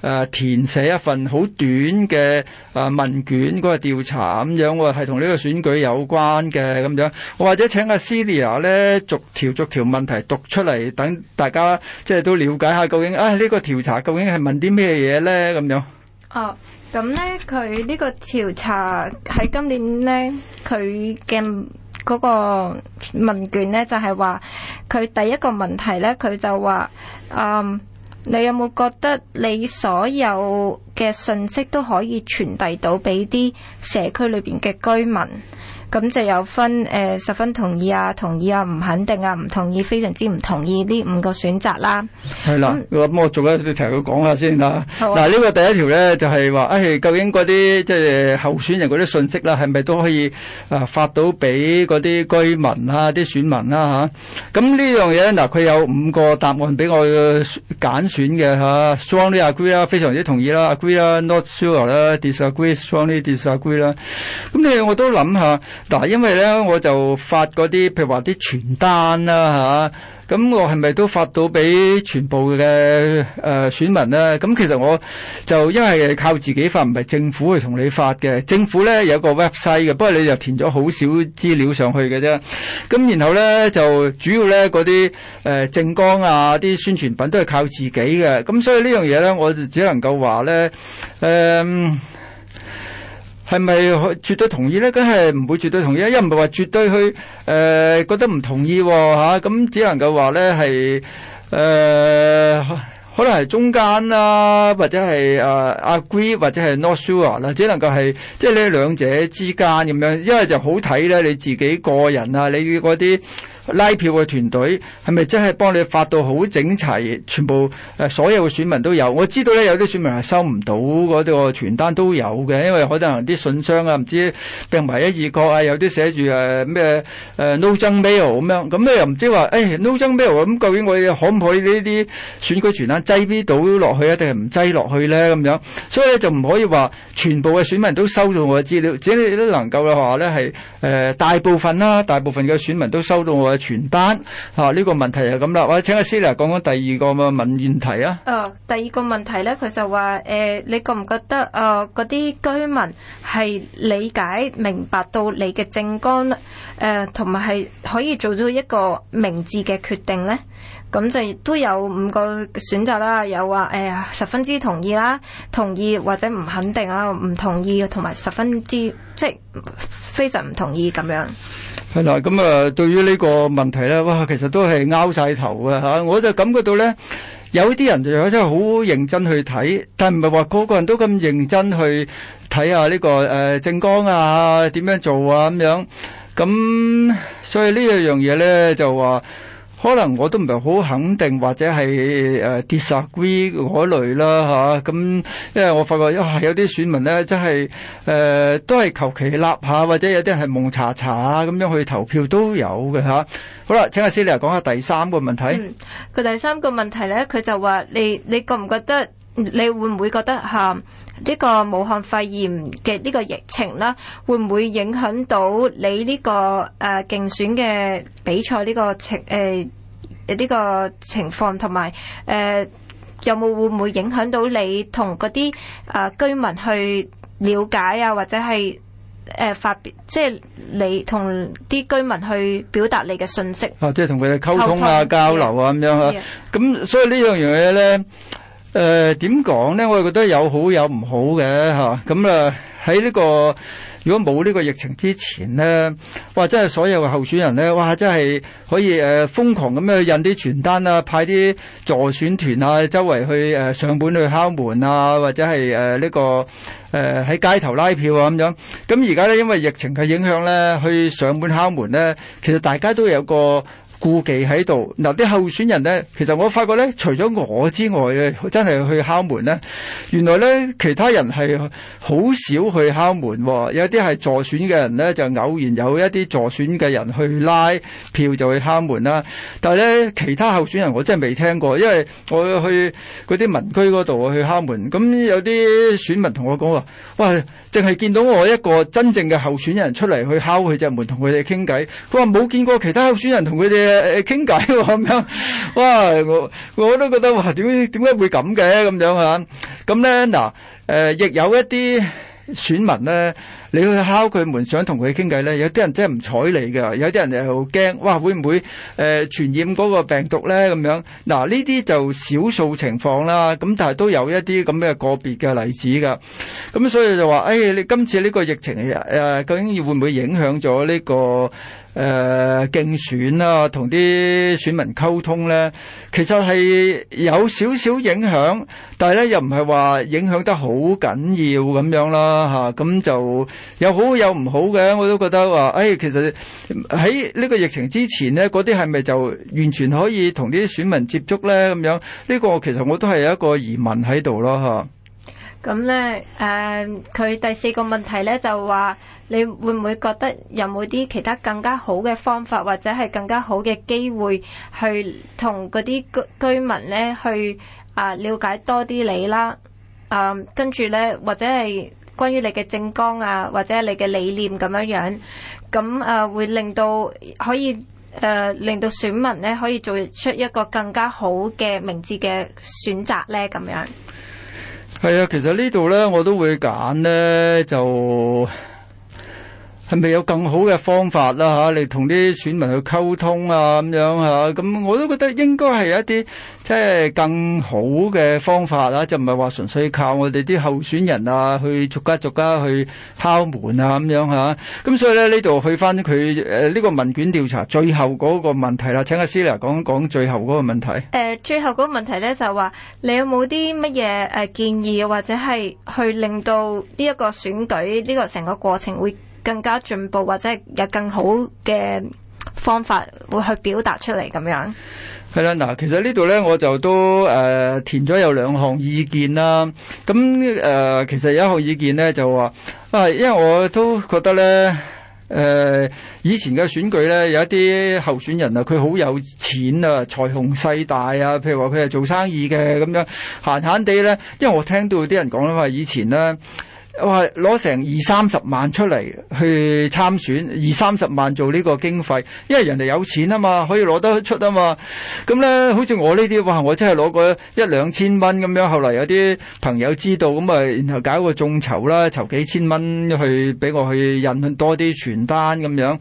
誒填寫一份好短嘅誒問卷嗰個調查咁樣，係同呢個選舉有關嘅咁樣。我或者請阿 Celia 咧逐條逐條問題讀出嚟，等大家即係都了解下究竟啊呢個調查究竟係問啲咩嘢咧咁樣。啊，咁咧佢呢個調查喺今年咧佢嘅。嗰個問卷咧，就係話佢第一個問題咧，佢就話：嗯，你有冇覺得你所有嘅信息都可以傳遞到俾啲社區裏邊嘅居民？咁就有分、呃、十分同意啊，同意啊，唔肯定啊，唔同意，非常之唔同意呢五個選擇啦。係啦的，咁那我做一啲提佢講下先啦。嗱、啊，呢個第一條咧就係、是、話、哎，究竟嗰啲即係候選人嗰啲信息啦，係咪都可以啊發到俾嗰啲居民啊、啲選民啦嚇？咁呢樣嘢嗱，佢、啊啊、有五個答案俾我揀選嘅嚇。啊、strongly agree 啦，非常之同意啦。Agree 啦，Not sure 啦，Disagree，Strongly disagree 啦 disagree、啊。咁你我都諗下。嗱，因為咧，我就發嗰啲，譬如話啲傳單啦、吓，咁、啊、我係咪都發到俾全部嘅誒、呃、選民呢？咁其實我就因為靠自己發，唔係政府去同你發嘅。政府咧有一個 website 嘅，不過你就填咗好少資料上去嘅啫。咁然後咧就主要咧嗰啲誒政綱啊，啲宣傳品都係靠自己嘅。咁所以呢樣嘢咧，我就只能夠話咧，誒、呃。係咪去絕對同意咧？梗係唔會絕對同意，一唔係話絕對去誒、呃、覺得唔同意喎、哦、咁、啊、只能夠話咧係誒可能係中間啦，或者係啊 agree 或者係 not sure 啦，只能夠係即係呢兩者之間咁樣。因為就好睇咧你自己個人啊，你嗰啲。拉票嘅團隊係咪真係幫你發到好整齊，全部所有嘅選民都有？我知道咧，有啲選民係收唔到嗰啲、嗰個傳單都有嘅，因為可能啲信箱啊，唔知掟埋一二個啊，有啲寫住誒咩 no junk mail 咁樣，咁咧又唔知話誒、哎、no junk mail 咁，究竟我可唔可以呢啲選舉傳單擠啲到落去，定係唔擠落去咧咁樣？所以咧就唔可以話全部嘅選民都收到我嘅資料，只係都能夠話咧係、呃、大部分啦，大部分嘅選民都收到我。傳單嚇呢、啊呢個問題就咁啦，我者請阿 C i l a 講講第二個問問題啊。誒、哦，第二個問題咧，佢就話誒、呃，你覺唔覺得誒嗰啲居民係理解明白到你嘅政綱誒，同埋係可以做到一個明智嘅決定咧？咁就都有五個選擇啦，有話誒、呃、十分之同意啦，同意或者唔肯定啦，唔同意同埋十分之即係非常唔同意咁樣。係啦，咁啊、呃，對於呢個問題咧，哇，其實都係拗晒頭的啊。吓，我就感覺到咧，有啲人就真係好認真去睇，但係唔係話個個人都咁認真去睇下呢、這個誒政綱啊點樣做啊咁樣，咁所以這東西呢一樣嘢咧就話。可能我都唔係好肯定，或者係誒 disagree 嗰類啦吓，咁、啊、因為我發覺、啊、有啲選民咧，真係誒、啊、都係求其立下，或者有啲人係蒙查查咁樣去投票都有嘅吓、啊，好啦，請阿斯妮啊講下第三個問題。佢、嗯、第三個問題咧，佢就話你你覺唔覺得？你會唔會覺得嚇呢個武漢肺炎嘅呢個疫情啦，會唔會影響到你呢個誒競選嘅比賽呢個情誒呢個情況，同埋誒有冇會唔會影響到你同嗰啲啊居民去了解啊，或者係誒發表即係你同啲居民去表達你嘅信息啊，即係同佢哋溝通啊、交流啊咁樣啊。咁所以呢樣嘢咧。誒點講呢？我覺得有好有唔好嘅吓。咁啊喺呢個如果冇呢個疫情之前呢，哇！真係所有候選人呢，哇！真係可以誒、呃、瘋狂咁樣去印啲傳單啊，派啲助選團啊，周圍去、呃、上門去敲門啊，或者係呢個、呃、喺、呃、街頭拉票啊咁樣。咁而家呢，因為疫情嘅影響呢，去上門敲門呢，其實大家都有一個。顧忌喺度，嗱，啲候選人呢，其實我發覺呢，除咗我之外呢，真係去敲門呢，原來呢，其他人係好少去敲門喎。有啲係助選嘅人呢，就偶然有一啲助選嘅人去拉票就去敲門啦。但係呢，其他候選人我真係未聽過，因為我去嗰啲民居嗰度去敲門，咁有啲選民同我講話，哇！淨係見到我一個真正嘅候選人出嚟去敲佢隻門同佢哋傾偈，佢話冇見過其他候選人同佢哋誒傾偈咁樣，哇！我我都覺得哇，點點解會咁嘅咁樣吓？咁咧嗱，誒、呃、亦有一啲選民咧。你去敲佢門，想同佢傾偈咧，有啲人真係唔睬你㗎，有啲人又好驚，哇會唔會誒傳染嗰個病毒咧？咁樣嗱，呢啲就少數情況啦。咁但係都有一啲咁嘅個別嘅例子㗎。咁所以就話，誒你今次呢個疫情誒，究竟會唔會影響咗呢個誒競選呀？同啲選民溝通咧，其實係有少少影響，但係咧又唔係話影響得好緊要咁樣啦，嚇咁就。有好有唔好嘅，我都覺得話，誒、哎，其實喺呢個疫情之前呢，嗰啲係咪就完全可以同啲選民接觸呢？咁樣呢、個其實我都係有一個疑問喺度咯，吓。咁呢，誒、呃，佢第四個問題呢，就話，你會唔會覺得有冇啲其他更加好嘅方法，或者係更加好嘅機會，去同嗰啲居居民呢去啊、呃、了解多啲你啦？嗯、呃，跟住呢，或者係。關於你嘅政綱啊，或者你嘅理念咁樣樣，咁誒、啊、會令到可以誒、呃、令到選民咧可以做出一個更加好嘅明智嘅選擇咧咁樣。係啊，其實這裡呢度咧我都會揀咧就。係咪有更好嘅方法啦？吓，你同啲選民去溝通啊，咁樣嚇咁，我都覺得應該係一啲即係更好嘅方法啦。就唔係話純粹靠我哋啲候選人啊，去逐家逐家去敲門啊，咁樣嚇。咁所以咧呢度去翻佢誒呢個問卷調查最後嗰個問題啦。請阿 C 講一講最後嗰個問題。誒，最後嗰個問題咧就話你有冇啲乜嘢誒建議，或者係去令到呢一個選舉呢個成個過程會更加進步或者有更好嘅方法，會去表達出嚟咁樣。係啦，嗱，其實這裡呢度咧，我就都誒、呃、填咗有兩項意見啦。咁誒、呃，其實有一項意見咧，就話啊是，因為我都覺得咧，誒、呃、以前嘅選舉咧，有一啲候選人啊，佢好有錢啊，財雄勢大啊，譬如話佢係做生意嘅咁樣，閒閒地咧，因為我聽到啲人講咧，話以前咧。話攞成二三十萬出嚟，去參選，二三十萬做呢個經費，因為人哋有錢啊嘛，可以攞得出啊嘛。咁咧，好似我呢啲，哇，我真係攞過一兩千蚊咁樣。後來有啲朋友知道，咁啊，然後搞個眾籌啦，籌幾千蚊去俾我去印多啲傳單咁樣。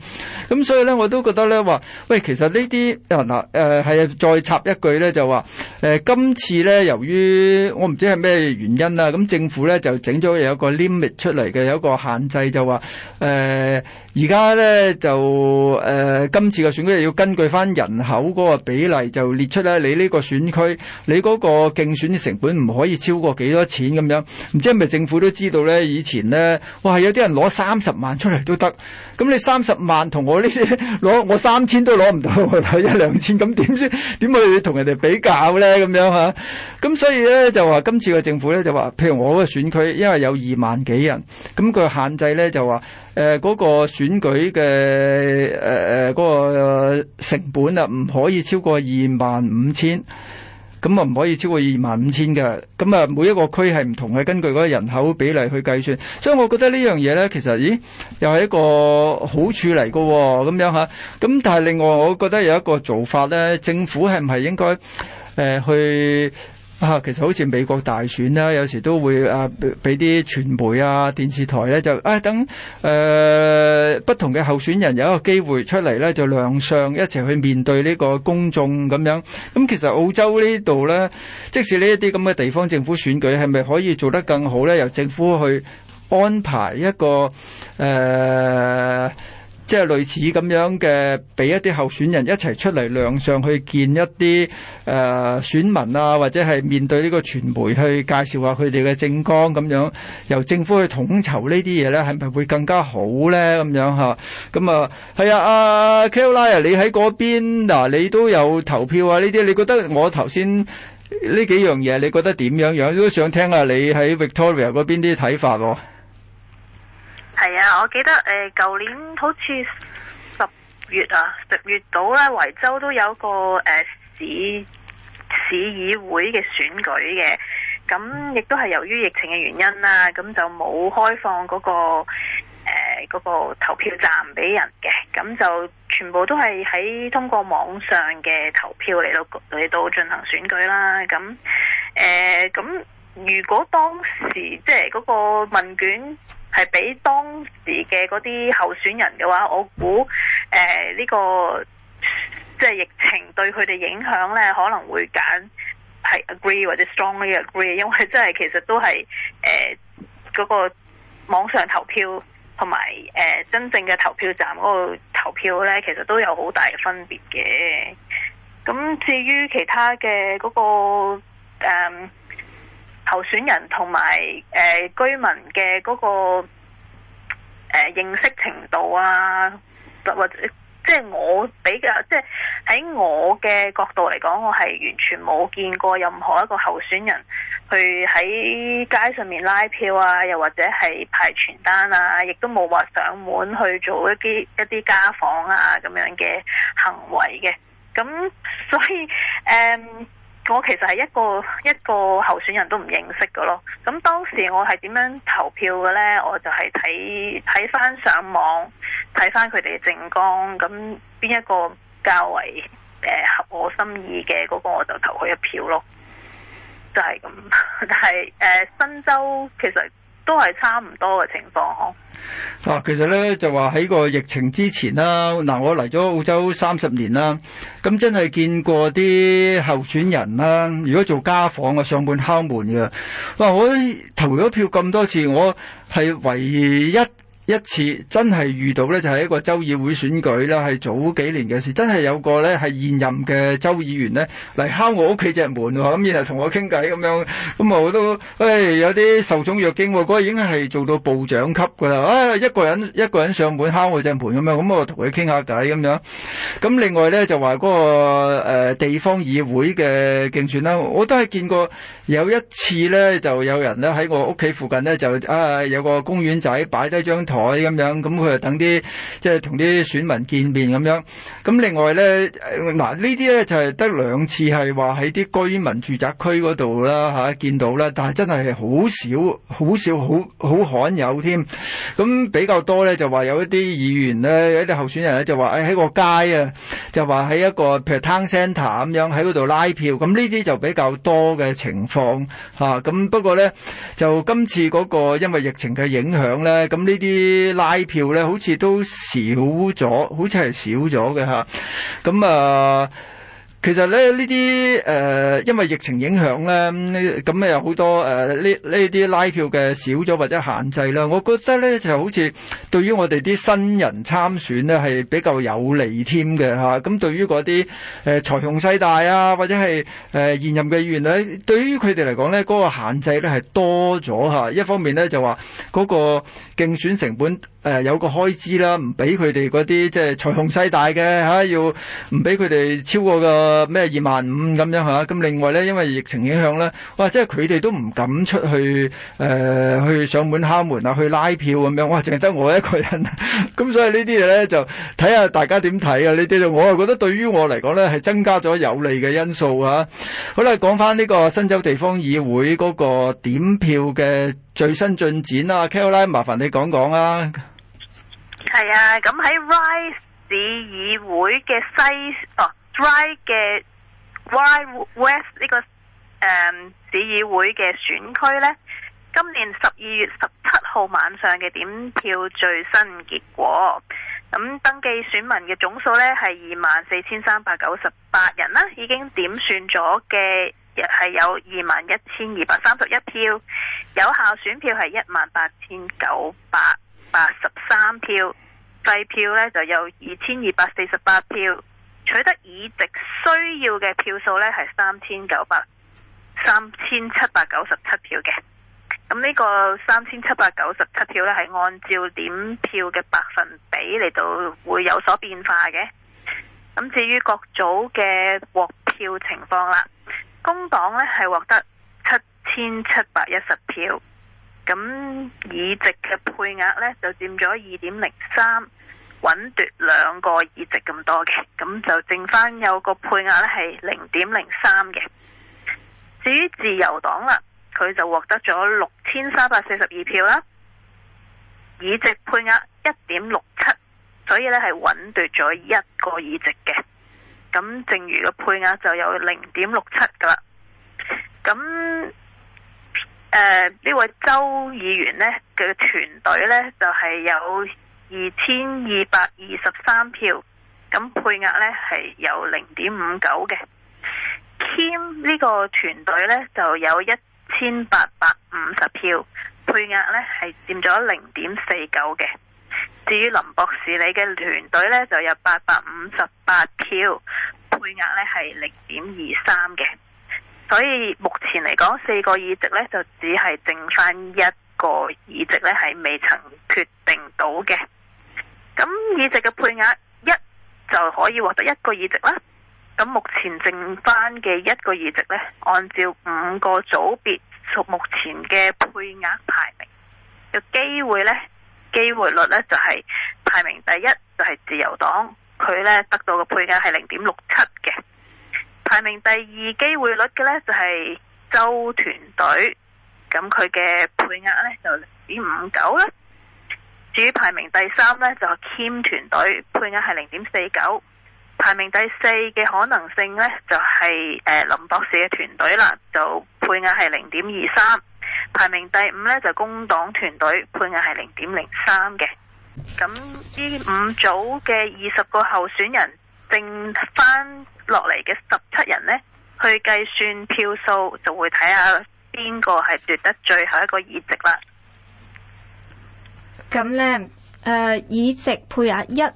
咁所以咧，我都覺得咧，話喂，其實呢啲嗱，誒係啊，再插一句咧，就話誒、呃，今次咧，由於我唔知係咩原因啦，咁政府咧就整咗有一個呢。出嚟嘅有一個限制就，就話誒。而家咧就誒、呃、今次嘅選舉要根據翻人口嗰個比例，就列出咧你呢個選區，你嗰個競選嘅成本唔可以超過幾多錢咁樣？唔知係咪政府都知道咧？以前咧，哇有啲人攞三十萬出嚟都得，咁你三十萬同我呢啲攞我三千都攞唔到，我攞一兩千，咁點先點去同人哋比較咧？咁樣啊，咁所以咧就話今次嘅政府咧就話，譬如我個選區，因為有二萬幾人，咁佢限制咧就話誒嗰個選。選舉嘅誒誒嗰個成本啊，唔可以超過二萬五千，咁啊唔可以超過二萬五千嘅，咁啊每一個區係唔同嘅，根據嗰個人口比例去計算，所以我覺得呢樣嘢呢，其實咦又係一個好處嚟喎、哦。咁樣吓，咁但係另外我覺得有一個做法呢，政府係唔係應該誒、呃、去？啊，其實好似美國大選咧，有時都會誒俾啲傳媒啊、電視台咧就，誒等誒不同嘅候選人有一個機會出嚟咧，就亮相一齊去面對呢個公眾咁樣。咁其實澳洲呢度咧，即使呢一啲咁嘅地方政府選舉，係咪可以做得更好咧？由政府去安排一個誒。即係類似咁樣嘅，俾一啲候選人一齊出嚟亮相，去見一啲誒、呃、選民啊，或者係面對呢個傳媒去介紹下佢哋嘅政綱咁樣，由政府去統籌呢啲嘢咧，係咪會更加好咧？咁樣嚇，咁啊係啊，阿 Kellie 啊，啊 ia, 你喺嗰邊嗱、啊，你都有投票啊？呢啲你覺得我頭先呢幾樣嘢，你覺得點樣樣？都想聽下你喺 Victoria 嗰邊啲睇法喎、啊。係啊，我記得誒，舊、呃、年好似十月啊，十月到咧，維州都有個誒、呃、市市議會嘅選舉嘅，咁亦都係由於疫情嘅原因啦，咁就冇開放嗰、那個誒嗰、呃那個投票站俾人嘅，咁就全部都係喺通過網上嘅投票嚟到嚟到進行選舉啦，咁誒咁如果當時即係嗰個問卷。係俾當時嘅嗰啲候選人嘅話，我估誒呢個即係、就是、疫情對佢哋影響咧，可能會揀係 agree 或者 strongly agree，因為即係其實都係誒嗰個網上投票同埋、呃、真正嘅投票站嗰個投票咧，其實都有好大嘅分別嘅。咁至於其他嘅嗰、那個、嗯候選人同埋誒居民嘅嗰、那個誒、呃、認識程度啊，或者即係我比較即係喺我嘅角度嚟講，我係完全冇見過任何一個候選人去喺街上面拉票啊，又或者係派傳單啊，亦都冇話上門去做一啲一啲家訪啊咁樣嘅行為嘅。咁所以誒。嗯我其實係一個一個候選人都唔認識嘅咯，咁當時我係點樣投票嘅呢？我就係睇睇翻上網，睇翻佢哋嘅政綱，咁邊一個較為誒合、呃、我心意嘅嗰個，我就投佢一票咯。就係、是、咁，但係誒、呃、新州其實。都係差唔多嘅情況啊，其實呢就話喺個疫情之前啦、啊，嗱、啊，我嚟咗澳洲三十年啦、啊，咁真係見過啲候選人啦、啊。如果做家訪啊，上門敲門嘅，哇、啊！我投咗票咁多次，我係唯一。一次真係遇到咧，就係一個州議會選舉啦，係早幾年嘅事。真係有個咧係現任嘅州議員咧嚟敲我屋企隻門喎，咁然後同我傾偈咁樣，咁我都誒、哎、有啲受寵若驚喎。嗰、那個已經係做到部長級噶啦，啊、哎、一個人一個人上門敲我隻門咁樣，咁我同佢傾下偈咁樣。咁另外咧就話嗰、那個、呃、地方議會嘅競選啦，我都係見過有一次咧，就有人咧喺我屋企附近咧就啊有個公園仔擺低張台。改咁樣，咁佢就等啲即係同啲選民見面咁樣。咁另外咧，嗱呢啲咧就係得兩次係話喺啲居民住宅區嗰度啦嚇見到啦，但係真係好少，好少，好好罕有添。咁比較多咧就話有一啲議員咧，有一啲候選人咧就話誒喺個街啊，就話喺一個譬如 town centre 咁樣喺嗰度拉票。咁呢啲就比較多嘅情況嚇。咁不過咧就今次嗰個因為疫情嘅影響咧，咁呢啲。啲拉票咧，好似都少咗，好似係少咗嘅吓，咁啊。其實咧呢啲誒、呃，因為疫情影響咧咁，咁有好多誒呢呢啲拉票嘅少咗或者限制啦。我覺得咧就好似對於我哋啲新人參選呢，係比較有利添嘅吓。咁、啊、對於嗰啲誒財雄勢大啊，或者係誒、呃、現任嘅議員咧，對於佢哋嚟講咧嗰個限制咧係多咗吓。一方面咧就話嗰個競選成本誒、呃、有個開支啦，唔俾佢哋嗰啲即係財雄勢大嘅吓、啊，要唔俾佢哋超過個。誒，咩二萬五咁樣吓？咁另外咧，因為疫情影響咧，哇，即係佢哋都唔敢出去誒，去上門敲門啊，去拉票咁樣，哇，淨係得我一個人。咁所以呢啲嘢咧就睇下大家點睇啊？呢啲我啊覺得對於我嚟講咧係增加咗有利嘅因素吓。好啦，講翻呢個新州地方議會嗰個點票嘅最新進展啦，Kelly，麻煩你講講啊。係啊，咁喺 Ryde 市議會嘅西哦。f r y 嘅 dry west 呢、這個誒、呃、市議會嘅選區咧，今年十二月十七號晚上嘅點票最新結果，咁登記選民嘅總數咧係二萬四千三百九十八人啦，已經點算咗嘅係有二萬一千二百三十一票，有效選票係一萬八千九百八十三票，廢票咧就有二千二百四十八票。取得議席需要嘅票數呢係三千九百三千七百九十七票嘅。咁呢個三千七百九十七票呢，係按照點票嘅百分比嚟到會有所變化嘅。咁至於各組嘅獲票情況啦，工黨呢係獲得七千七百一十票，咁議席嘅配額呢，就佔咗二點零三。穩奪兩個議席咁多嘅，咁就剩返有個配額呢係零點零三嘅。至於自由黨啦，佢就獲得咗六千三百四十二票啦，議席配額一點六七，所以呢係穩奪咗一個議席嘅。咁剩餘嘅配額就有零點六七噶啦。咁誒、呢、呃、位周議員呢，佢嘅團隊呢，就係、是、有。二千二百二十三票，咁配額呢係有零點五九嘅。Kim 呢個團隊呢，就有一千八百五十票，配額呢係佔咗零點四九嘅。至於林博士你嘅團隊呢，就有八百五十八票，配額呢係零點二三嘅。所以目前嚟講，四個議席呢，就只係剩翻一個議席呢，係未曾決定到嘅。咁議席嘅配額一就可以獲得一個議席啦。咁目前剩翻嘅一個議席呢，按照五個組別屬目前嘅配額排名嘅機會呢，機會率呢就係、是、排名第一就係、是、自由黨，佢呢得到嘅配額係零點六七嘅。排名第二機會率嘅呢就係周團隊，咁佢嘅配額呢就零點五九啦。至於排名第三呢，就係 Kim 團隊，配額係零點四九；排名第四嘅可能性呢，就係、是、誒、呃、林博士嘅團隊啦，就配額係零點二三；排名第五呢，就工黨團隊，配額係零點零三嘅。咁呢五組嘅二十個候選人，剩翻落嚟嘅十七人呢，去計算票數就會睇下邊個係奪得最後一個議席啦。咁呢，誒、呃，議席配額一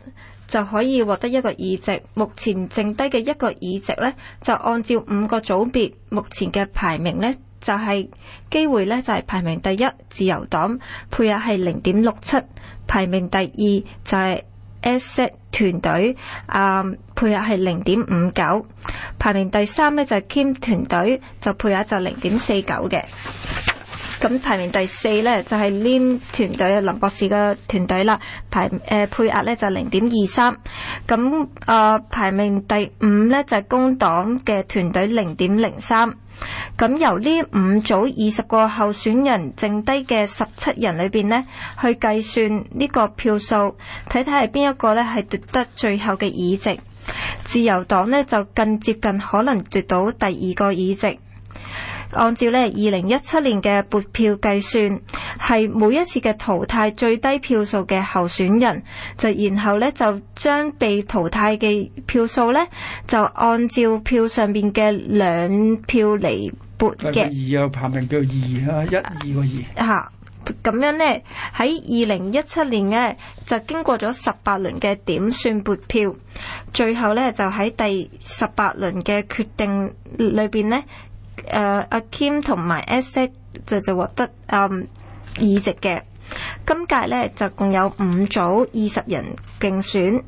就可以獲得一個議席。目前剩低嘅一個議席呢，就按照五個組別目前嘅排名呢，就係、是、機會呢，就係、是、排名第一自由黨配額係零點六七，排名第二就係 SSE t 團隊啊、呃、配額係零點五九，排名第三呢，就係、是、Kim 團隊就配額就零點四九嘅。咁排名第四呢，就係 Lin 團隊林博士嘅團隊啦，排誒、呃、配額呢就零點二三。咁、呃、啊排名第五呢，就係、是、工黨嘅團隊零點零三。咁由呢五組二十個候選人剩低嘅十七人裏面呢，去計算呢個票數，睇睇係邊一個呢，係奪得最後嘅議席。自由黨呢，就更接近可能奪到第二個議席。按照咧二零一七年嘅撥票計算，係每一次嘅淘汰最低票數嘅候選人，就然後咧就將被淘汰嘅票數咧就按照票上邊嘅兩票嚟撥嘅二啊排名叫二啊，一二個二嚇咁樣咧喺二零一七年咧就經過咗十八輪嘅點算撥票，最後咧就喺第十八輪嘅決定裏邊咧。阿 Kim 同埋 SZ、uh, 就就獲得、um, 議席嘅，今屆咧就共有五組二十人競選，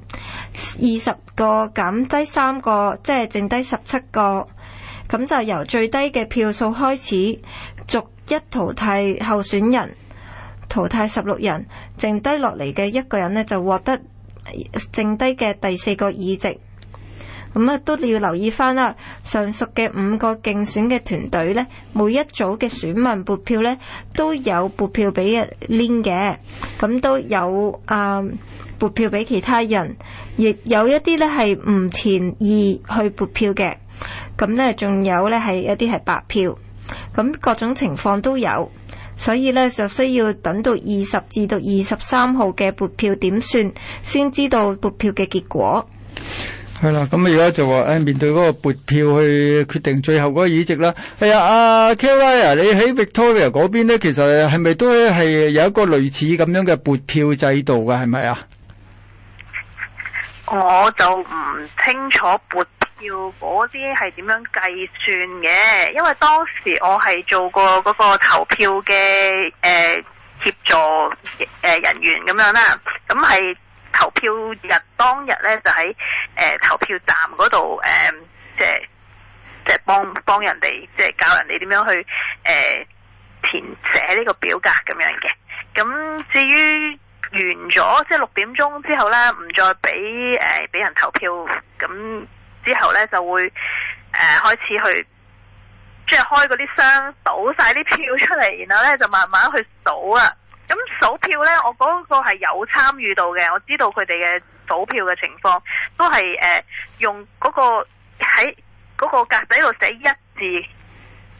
二十個減低三個，即係剩低十七個。咁就由最低嘅票數開始，逐一淘汰候選人，淘汰十六人，剩低落嚟嘅一個人咧就獲得剩低嘅第四個議席。咁啊，都要留意翻啦。上述嘅五個競選嘅團隊呢，每一組嘅選民撥票呢，都有撥票俾人拎嘅，咁都有啊、uh, 撥票俾其他人，亦有一啲呢係唔填二去撥票嘅。咁呢仲有呢係一啲係白票，咁各種情況都有，所以呢就需要等到二十至到二十三號嘅撥票點算，先知道撥票嘅結果。係啦，咁而家就話誒，面對嗰個撥票去決定最後嗰個議席啦。係啊，阿 Kelly 啊，你喺 Victoria 嗰邊咧，其實係咪都係有一個類似咁樣嘅撥票制度噶？係咪啊？我就唔清楚撥票嗰啲係點樣計算嘅，因為當時我係做過嗰個投票嘅誒協助誒人員咁樣啦，咁係。投票日當日咧，就喺誒投票站嗰度，誒即係即係幫幫人哋，即係教人哋點樣去誒填寫呢個表格咁樣嘅。咁至於完咗，即係六點鐘之後咧，唔再俾誒俾人投票，咁之後咧就會誒開始去即係開嗰啲箱，倒晒啲票出嚟，然後咧就慢慢去數啦。咁數票呢，我嗰個係有參與到嘅，我知道佢哋嘅數票嘅情況都係誒、呃、用嗰、那個喺嗰個格仔度寫一字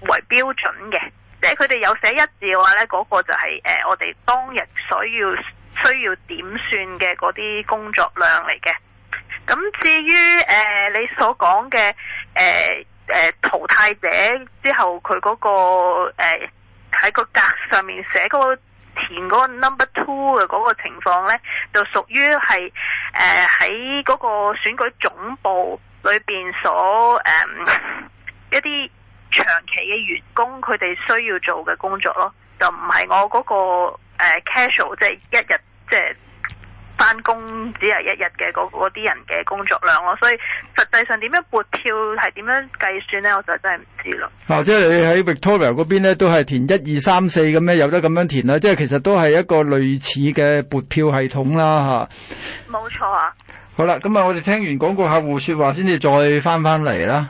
為標準嘅，即係佢哋有寫一字嘅話呢嗰、那個就係、是、誒、呃、我哋當日所要需要點算嘅嗰啲工作量嚟嘅。咁至於誒、呃、你所講嘅誒誒淘汰者之後佢嗰、那個誒喺、呃、個格上面寫嗰、那個。填嗰個 number two 嘅嗰個情況咧，就屬於係誒喺嗰個選舉總部裏邊所誒、呃、一啲長期嘅員工，佢哋需要做嘅工作咯，就唔係我嗰個、那個誒、呃、casual，即係一日即係。就是翻工只係一日嘅嗰啲人嘅工作量咯，所以實際上點樣撥票係點樣計算呢？我就真係唔知咯。哦、啊，即係你喺 Victoria 嗰邊呢，都係填一二三四咁咧，有得咁樣填啦。即係其實都係一個類似嘅撥票系統啦，吓。冇錯啊。好啦，咁啊，我哋聽完廣告客戶說話先至再翻翻嚟啦。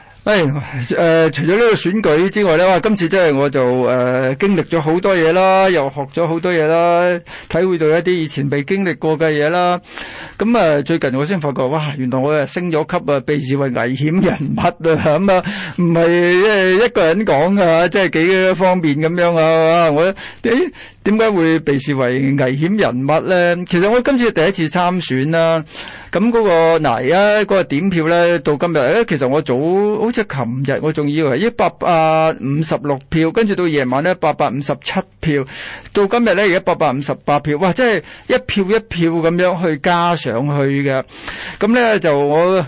誒，誒、哎，呃，除咗呢個選舉之外咧，今次真係我就誒、呃、經歷咗好多嘢啦，又學咗好多嘢啦，體會到一啲以前未經歷過嘅嘢啦。咁、嗯、啊，最近我先發覺，哇，原來我啊升咗級啊，被視為危險人物啊，咁、嗯、啊，唔係即係一個人講噶吓，即係幾方面咁樣啊。我點解、哎、會被視為危險人物咧？其實我今次第一次參選啦、啊，咁、嗯、嗰、那個嗱而家嗰個點票咧，到今日誒、哎，其實我早。好似琴日我仲以為一百五十六票，跟住到夜晚咧，八百五十七票，到今日咧，而家八百五十八票，哇！即係一票一票咁樣去加上去嘅，咁咧就我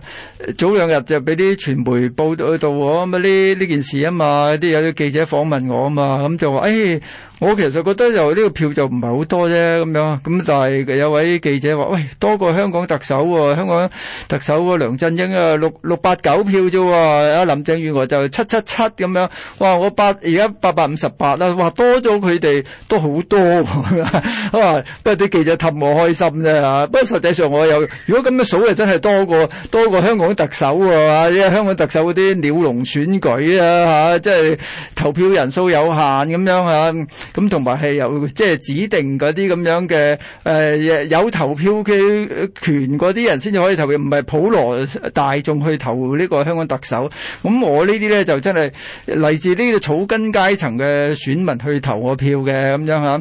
早兩日就俾啲傳媒報到去到我咁啊呢呢件事啊嘛，啲有啲記者訪問我啊嘛，咁就話誒。哎我其實覺得由呢、這個票就唔係好多啫咁樣，咁但係有位記者話，喂，多過香港特首喎、啊，香港特首、啊、梁振英啊，六六八九票啫喎、啊，林鄭月娥就七七七咁樣，哇！我八而家八百五十八啦，哇！多咗佢哋都好多，啊！不過啲記者氹我開心啫嚇、啊，不過實際上我有，如果咁樣數啊，真係多過多過香港特首啊，因為香港特首嗰啲鳥籠選舉啊嚇、啊，即係投票人數有限咁樣嚇、啊。咁同埋係由即係指定嗰啲咁樣嘅誒、呃、有投票權嗰啲人先至可以投票，唔係普羅大眾去投呢個香港特首。咁我呢啲咧就真係嚟自呢個草根階層嘅選民去投我票嘅咁樣吓，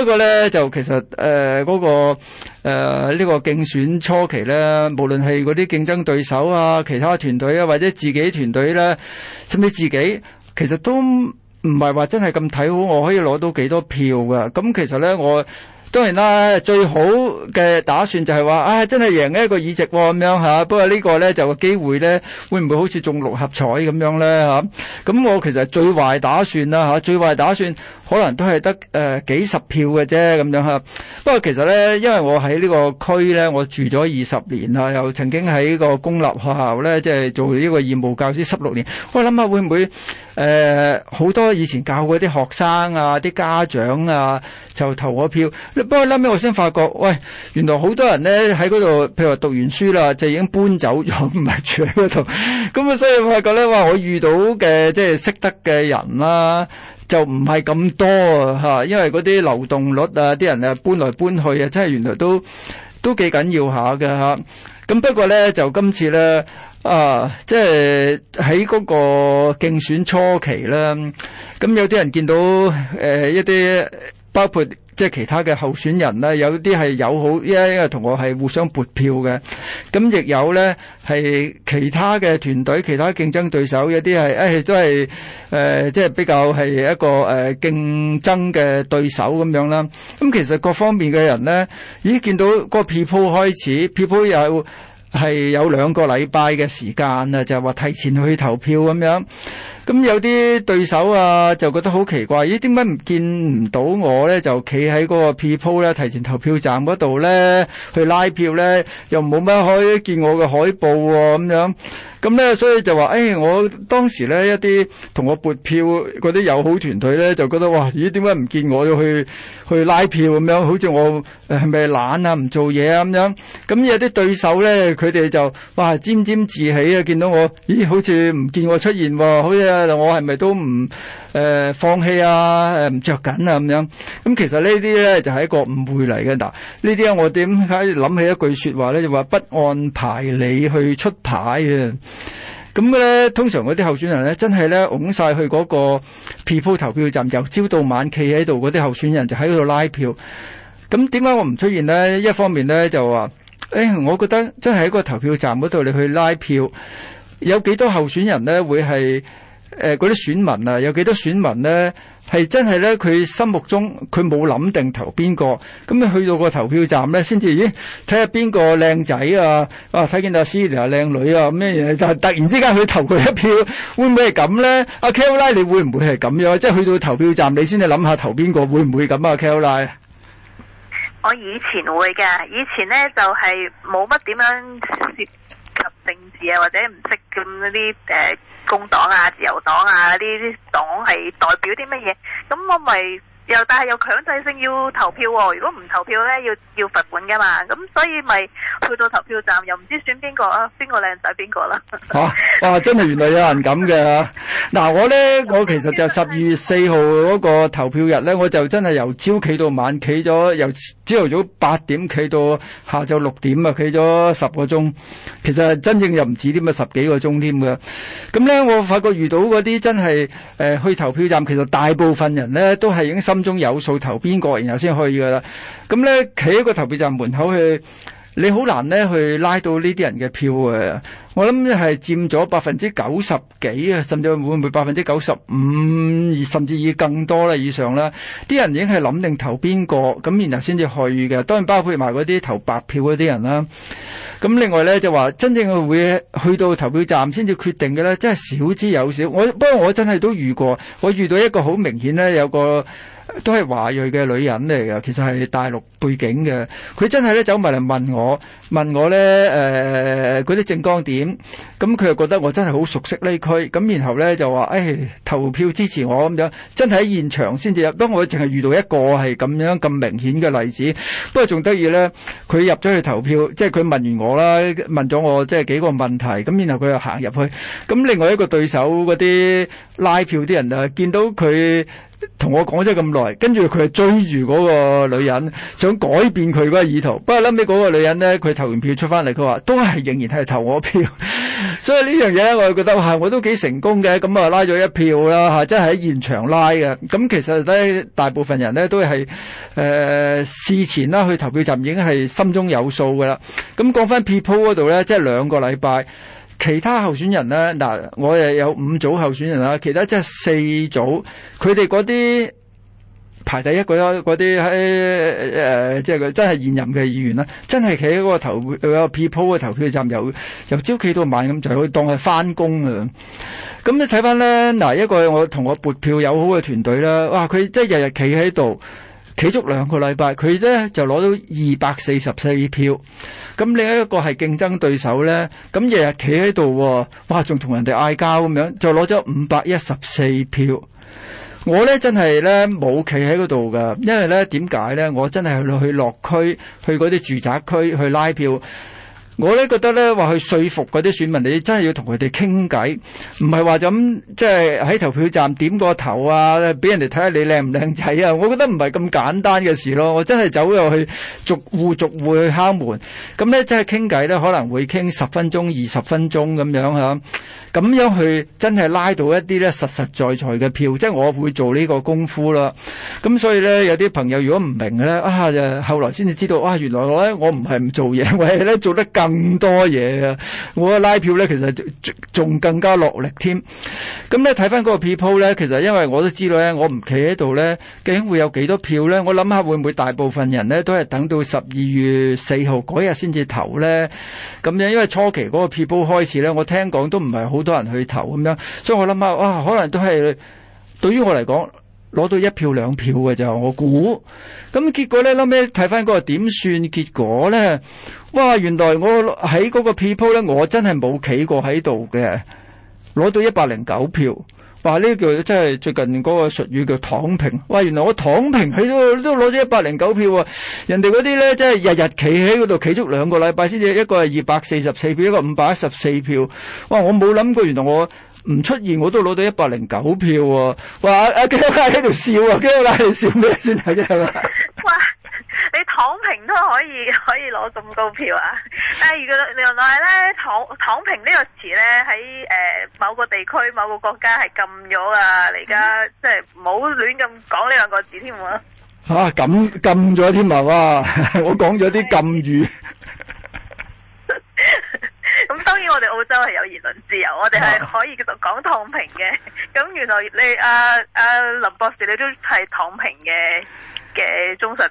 不過咧就其實誒嗰、呃嗰個呢、呃呢個競選初期咧，無論係嗰啲競爭對手啊、其他團隊啊，或者自己團隊咧，甚至自己，其實都。唔係話真係咁睇好我可以攞到幾多票㗎，咁其實呢，我當然啦，最好嘅打算就係話，唉、哎，真係贏一個議席咁、哦、樣吓。不過呢個呢，就個機會呢，會唔會好似中六合彩咁樣呢？吓、啊？咁我其實最壞打算啦吓，最壞打算。啊可能都係得、呃、幾十票嘅啫咁樣吓。不過其實咧，因為我喺呢個區咧，我住咗二十年啦，又曾經喺個公立學校咧，即係做呢個義務教師十六年。我諗下會唔會誒好多以前教過啲學生啊、啲家長啊，就投我票？不過後尾我先發覺，喂，原來好多人咧喺嗰度，譬如話讀完書啦，就已經搬走咗，唔係住喺嗰度。咁啊，所以發覺咧，哇！我遇到嘅即係識得嘅人啦、啊。就唔係咁多啊，嚇！因為嗰啲流動率啊，啲人啊搬來搬去啊，真係原來都都幾緊要下㗎嚇。咁不過咧，就今次咧啊，即係喺嗰個競選初期咧，咁有啲人見到誒一啲包括。即係其他嘅候選人咧，有啲係友好，因為因為同我係互相撥票嘅，咁亦有咧係其他嘅團隊、其他競爭對手，有啲係、哎、都係、呃、即係比較係一個誒、呃、競爭嘅對手咁樣啦。咁其實各方面嘅人呢，已經見到個 pre-poll 開始 pre-poll 有係有兩個禮拜嘅時間啊，就係、是、話提前去投票咁樣。咁有啲對手啊，就覺得好奇怪，咦？點解唔見唔到我咧？就企喺嗰個票鋪咧，提前投票站嗰度咧，去拉票咧，又冇乜可以見我嘅海報喎，咁樣。咁咧，所以就話，誒，我當時咧一啲同我撥票嗰啲友好團隊咧，就覺得哇，咦？點解唔見我去去拉票咁樣？好似我誒係咪懶啊？唔做嘢啊？咁樣。咁有啲對手咧，佢哋就哇沾沾自喜啊！見到我，咦？好似唔見我出現喎，好似～我係咪都唔誒、呃、放棄啊？誒、呃、唔着緊啊？咁樣咁其實這些呢啲咧就係、是、一個誤會嚟嘅。嗱，呢啲咧我點解諗起一句説話咧，就話不按排你去出牌嘅。咁咧通常嗰啲候選人咧真係咧擁曬去嗰個 pre-poll 投票站，由朝到晚企喺度，嗰啲候選人就喺度拉票。咁點解我唔出現呢？一方面呢，就話，誒、哎，我覺得真係喺個投票站嗰度你去拉票，有幾多候選人呢會係？誒，嗰啲、呃、選民啊，有幾多選民咧？係真係咧，佢心目中佢冇諗定投邊個，咁你去到個投票站咧，先至咦，睇下邊個靚仔啊，哇，睇見阿 C 啊，靚、啊、女啊，咁嘢。但係突然之間去投佢一票，會唔會係咁咧？阿、 <laughs> 啊、Kelly 會唔會係咁樣？即係去到投票站，你先至諗下投邊個，會唔會咁啊 Kelly 我以前會嘅，以前咧就係冇乜點樣涉及政治啊，或者唔識咁嗰啲誒。呃工黨啊，自由黨啊，呢啲黨係代表啲乜嘢？咁我咪。又但係又強制性要投票喎，哦，如果唔投票咧，要要罰款㗎嘛，咁所以咪去到投票站又唔知選邊個啊，邊個靚仔邊個啦？嘩，哇！真係原來有人咁嘅、啊，嗱、 <laughs> 啊、我咧，我其實就十二月四號嗰個投票日咧，我就真係由朝企到晚企咗，由朝頭早八點企到下晝六點啊，企咗十個鐘。其實真正又唔止啲乜十幾個鐘添㗎。咁咧，我發覺遇到嗰啲真係、呃、去投票站，其實大部分人咧都係已經心心中有數投邊個，然後先去噶啦。咁咧，企喺個投票站門口去，你好難咧去拉到呢啲人嘅票啊。我諗係佔咗百分之九十幾啊，甚至會唔會百分之九十五，甚至以更多啦以上啦。啲人已經係諗定投邊個，咁然後先至去嘅。當然包括埋嗰啲投白票嗰啲人啦。咁另外咧就話真正會去到投票站先至決定嘅咧，真係少之有少。我不過我真係都遇過，我遇到一個好明顯咧，有個。都係華裔嘅女人嚟㗎。其實係大陸背景嘅。佢真係咧走埋嚟問我，問我咧誒嗰啲政綱點，咁佢又覺得我真係好熟悉呢區。咁然後咧就話誒、哎、投票支持我咁樣，真係喺現場先至入。不過我淨係遇到一個係咁樣咁明顯嘅例子。不過仲得意咧，佢入咗去投票，即係佢問完我啦，問咗我即係幾個問題。咁然後佢又行入去。咁另外一個對手嗰啲拉票啲人啊，見到佢，同我講咗咁耐，跟住佢係追住嗰個女人，想改變佢個意圖。不過諗起嗰個女人呢，佢投完票出翻嚟，佢話都係仍然係投我票， <laughs> 所以呢樣嘢咧，我就覺得我都幾成功嘅。咁啊，拉咗一票啦，吓，即係喺現場拉嘅。咁其實咧，大部分人呢，都係誒、呃，事前啦去投票站已經係心中有數噶啦。咁講翻 People 嗰度咧，即係兩個禮拜。其他候選人咧，嗱，我又有五組候選人啦，其他即係四組，佢哋嗰啲排第一個啦，嗰啲喺誒，即係佢真係現任嘅議員啦，真係企喺嗰個投有票嘅投票站由由朝企到晚咁，就可以當佢翻工啊！咁你睇翻咧，嗱，一個我同我撥票友好嘅團隊啦，哇，佢即係日日企喺度。企足兩個禮拜，佢呢就攞到二百四十四票。咁另一個係競爭對手呢，咁日日企喺度，哇，仲同人哋嗌交咁樣，就攞咗五百一十四票。我呢真係呢冇企喺嗰度㗎，因為呢點解呢？我真係去落區，去嗰啲住宅區去拉票。我咧覺得咧話去說服嗰啲選民，你真係要同佢哋傾偈，唔係話就咁即係喺投票站點個頭啊，俾人哋睇下你靚唔靚仔啊！我覺得唔係咁簡單嘅事咯，我真係走入去逐戶逐戶去敲門，咁咧真係傾偈咧可能會傾十分鐘、二十分鐘咁樣嚇，咁樣去真係拉到一啲咧實實在在嘅票，即係我會做呢個功夫啦。咁所以咧有啲朋友如果唔明咧啊，後來先至知道，啊，原來我咧我唔係唔做嘢，我係咧做，做得夠。更多嘢啊！我拉票咧，其實仲更加落力添。咁咧睇返嗰個 people 咧，其實因為我都知道咧，我唔企喺度咧，究竟會有幾多票咧？我諗下會唔會大部分人咧都係等到十二月四號嗰日先至投咧？咁樣因為初期嗰個 people 開始咧，我聽講都唔係好多人去投咁樣，所以我諗下啊，可能都係對於我嚟講，攞到一票兩票嘅就我估，咁、嗯、結果咧，後尾睇翻個個點算結果咧，哇！原來我喺嗰個 people 咧，我真係冇企過喺度嘅，攞到一百零九票，哇！呢、這個真係最近嗰個術語，叫躺平，哇！原來我躺平喺度都攞咗一百零九票啊！人哋嗰啲咧，即係日日企喺嗰度企足兩個禮拜先至，一個係二百四十四票，一個五百一十四票，哇！我冇諗過，原來我。唔出現我都攞到一百零九票喎、啊，話阿喺度笑啊，姜拉喺度笑咩，先睇下啦。啊、 <laughs> 哇！你躺平都可以可以攞咁高票啊？但係如果原來咧躺躺平個呢個詞咧喺誒某個地區某個國家係禁咗啊。你而家即係唔好亂咁講呢兩個字添喎、啊。嚇咁、啊、禁咗添啊！哇，我講咗啲禁語。咁當然我哋澳洲係有言論自由，我哋係可以繼續講躺平嘅。咁原來你啊，啊，林博士你都係躺平嘅嘅忠實。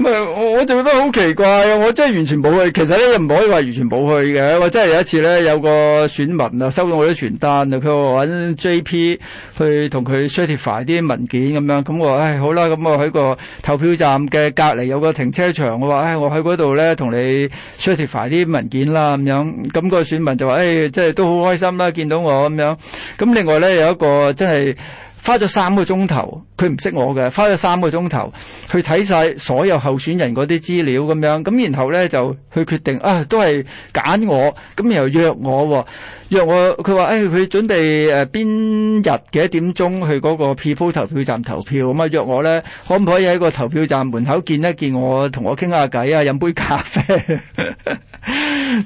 唔我，我就覺得好奇怪。啊，我真係完全冇去，其實咧唔可以話完全冇去嘅。我真係有一次咧，有個選民啊，收到我啲傳單啊，佢話揾 J.P. 去同佢 certify 啲文件咁樣。咁我話唉好啦，咁我喺個投票站嘅隔籬有個停車場，我話唉我喺嗰度咧同你 certify 啲文件啦咁樣。咁個選民就話唉，即係都好開心啦，見到我咁樣。咁另外咧有一個真係。花咗三個鐘頭，佢唔識我嘅，花咗三個鐘頭去睇晒所有候選人嗰啲資料咁樣，咁然後呢，就去決定啊，都係揀我，咁又約我喎。約我，佢話誒，佢準備誒邊日幾點鐘去嗰個 People 投票站投票，咁啊約我咧，可唔可以喺個投票站門口見一見我，同我傾下偈？啊，飲杯咖啡。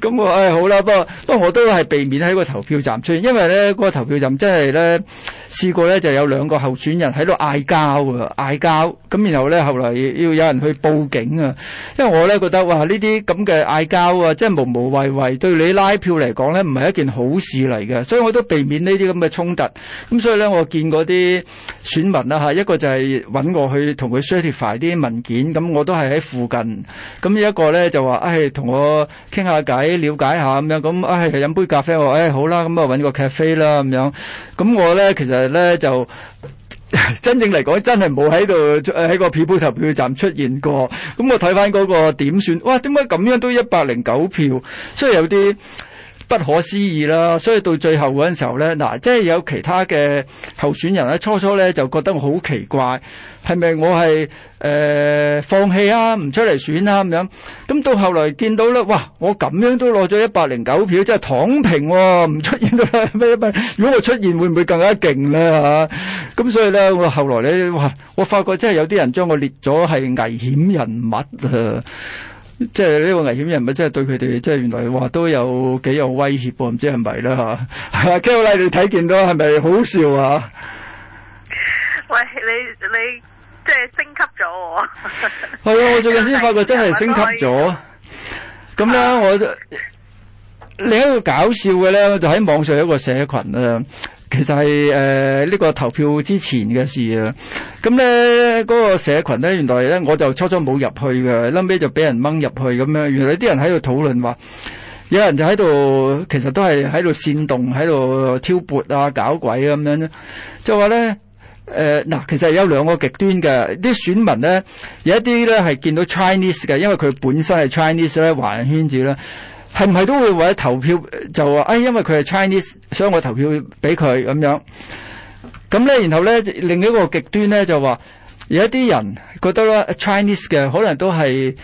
咁我誒，好啦，不過不過我都係避免喺個投票站出現，因為咧嗰個投票站真係咧試過咧就有兩個候選人喺度嗌交啊，嗌交，咁然後咧後來要有人去報警，啊，因為我咧覺得哇，呢啲咁嘅嗌交啊，即係無無謂謂，對你拉票嚟講咧唔係一件好。好事嚟嘅，所以我都避免呢啲咁嘅衝突。咁所以咧，我見嗰啲選民啦吓，一個就係揾我去同佢 certify 啲文件，咁我都係喺附近。咁一個咧就話，哎，同我傾下偈，了解下咁樣。咁哎，飲杯咖啡，我話哎好啦，咁啊揾個 cafe 啦咁樣。咁我咧其實咧就真正嚟講，真係冇喺度喺個 people 投票站出現過。咁我睇翻嗰個點算，哇，點解咁樣都一百零九票，所以有啲。不可思議啦，所以到最後嗰陣時候咧，嗱，即係有其他嘅候選人咧，初初咧就覺得我好奇怪，係咪我係誒放棄啊，唔出嚟選啊咁樣？咁到後來見到咧，哇！我咁樣都攞咗一百零九票，即係躺平喎，唔出現到啦。咩咩？如果我出現，會唔會更加勁咧嚇？咁所以咧，我後來咧話，我發覺真係有啲人將我列咗係危險人物啊！即係呢個危險人物，真係對佢哋，即係原來話都有幾有威脅喎，唔知係咪啦吓？Kelly，你睇見到係咪好笑啊？喂，你你即係升級咗我？係 <laughs> 啊，我最近先發覺真係升級咗。咁咧，我、嗯、你喺度搞笑嘅咧，就喺網上有一個社群啊。其實係誒呢個投票之前嘅事啊，咁咧嗰個社群咧，原來咧我就初初冇入去嘅，後尾就俾人掹入去咁樣。原來啲人喺度討論話，有人就喺度，其實都係喺度煽動、喺度挑撥啊、搞鬼咁樣咧。就話咧誒嗱，其實有兩個極端嘅啲選民咧，有一啲咧係見到 Chinese 嘅，因為佢本身係 Chinese 咧，華人圈子咧。係唔係都會為咗投票就話誒、哎？因為佢係 Chinese，所以我投票俾佢咁樣。咁咧，然後咧，另一個極端咧就話有一啲人覺得啦，Chinese 嘅可能都係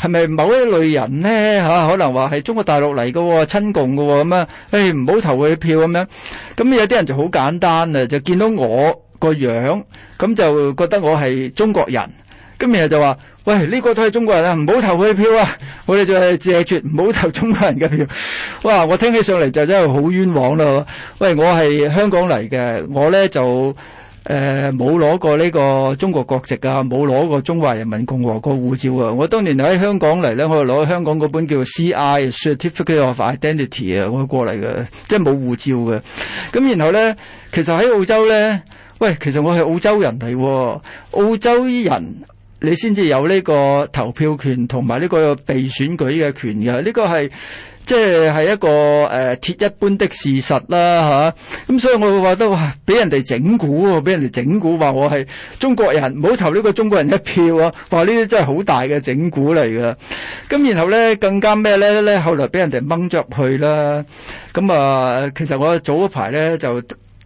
係咪某一類人咧、啊、可能話係中國大陸嚟嘅，親共嘅咁啊！誒唔好投佢票咁樣。咁、哎、有啲人就好簡單啊，就見到我個樣咁就覺得我係中國人。今日就話：喂，呢、這個都係中國人啊，唔好投佢票啊！我哋就係借鑄，唔好投中國人嘅票。哇！我聽起上嚟就真係好冤枉啦。喂，我係香港嚟嘅，我咧就誒冇攞過呢個中國國籍啊，冇攞過中華人民共和國護照啊。我當年喺香港嚟咧，我就攞香港嗰本叫做 C.I. Certificate of Identity 啊，我過嚟嘅，即係冇護照嘅。咁然後咧，其實喺澳洲咧，喂，其實我係澳洲人嚟、啊、喎，澳洲啲人。你先至有呢個投票權同埋呢個有被選舉嘅權嘅，呢、這個係即係係一個誒、呃、鐵一般的事實啦，吓、啊、咁所以我會話得俾人哋整蠱，俾人哋整蠱話我係中國人，唔好投呢個中國人一票啊！話呢啲真係好大嘅整蠱嚟噶。咁然後咧，更加咩咧咧？後來俾人哋掹咗入去啦。咁啊，其實我早一排咧就。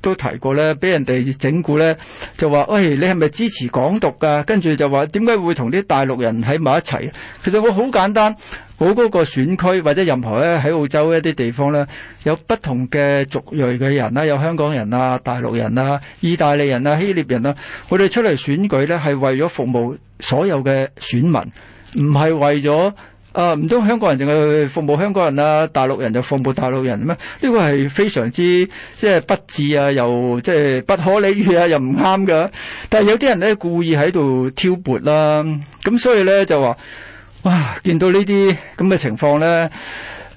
都提過咧，俾人哋整蠱咧，就話：喂，你係咪支持港獨㗎、啊？跟住就話點解會同啲大陸人喺埋一齊？其實我好簡單，我、那、嗰個選區或者任何咧喺澳洲一啲地方咧，有不同嘅族裔嘅人啦，有香港人啊、大陸人啊、意大利人啊、希臘人啊，我哋出嚟選舉咧係為咗服務所有嘅選民，唔係為咗。啊，唔通香港人淨係服務香港人啦、啊，大陸人就服務大陸人咩？呢個係非常之即係、就是、不智啊，又即係、就是、不可理喻啊，又唔啱㗎。但係有啲人咧故意喺度挑撥啦、啊，咁所以咧就話，哇，見到呢啲咁嘅情況咧，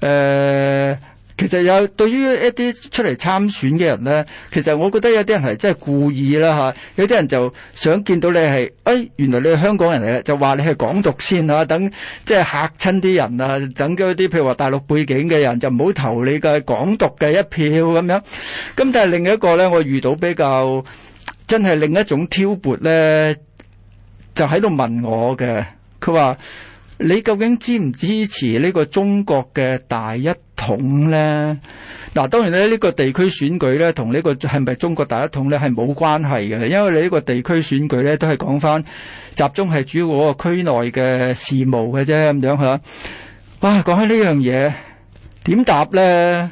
誒、呃。其實有對於一啲出嚟參選嘅人咧，其實我覺得有啲人係真係故意啦、啊、有啲人就想見到你係，哎原來你係香港人嚟嘅，就話你係港獨先嚇，等即係嚇親啲人啊，等嗰啲、啊、譬如話大陸背景嘅人就唔好投你嘅港獨嘅一票咁樣。咁但係另一個咧，我遇到比較真係另一種挑撥咧，就喺度問我嘅，佢話。你究竟支唔支持呢個中國嘅大一統咧？嗱，當然咧，呢個地區選舉咧，同呢個係咪中國大一統咧係冇關係嘅，因為你呢個地區選舉咧都係講翻集中係主要嗰個區內嘅事務嘅啫，咁樣吓。哇，講起呢樣嘢，點答咧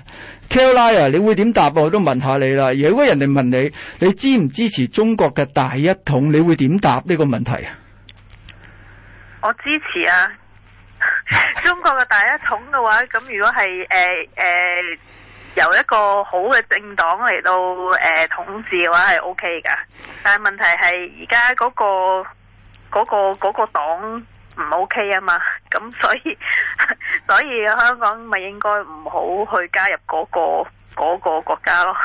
？Kellie 啊，aya，你會點答啊？我都問下你啦。如果人哋問你，你支唔支持中國嘅大一統，你會點答呢個問題啊？我支持啊！中國嘅大一統嘅話，咁如果係、呃呃、由一個好嘅政黨嚟到、呃、統治嘅話係 O K 㗎，但係問題係而家嗰個嗰個嗰個黨。唔 OK 啊嘛，咁所以所以香港咪應該唔好去加入嗰個嗰個國家咯。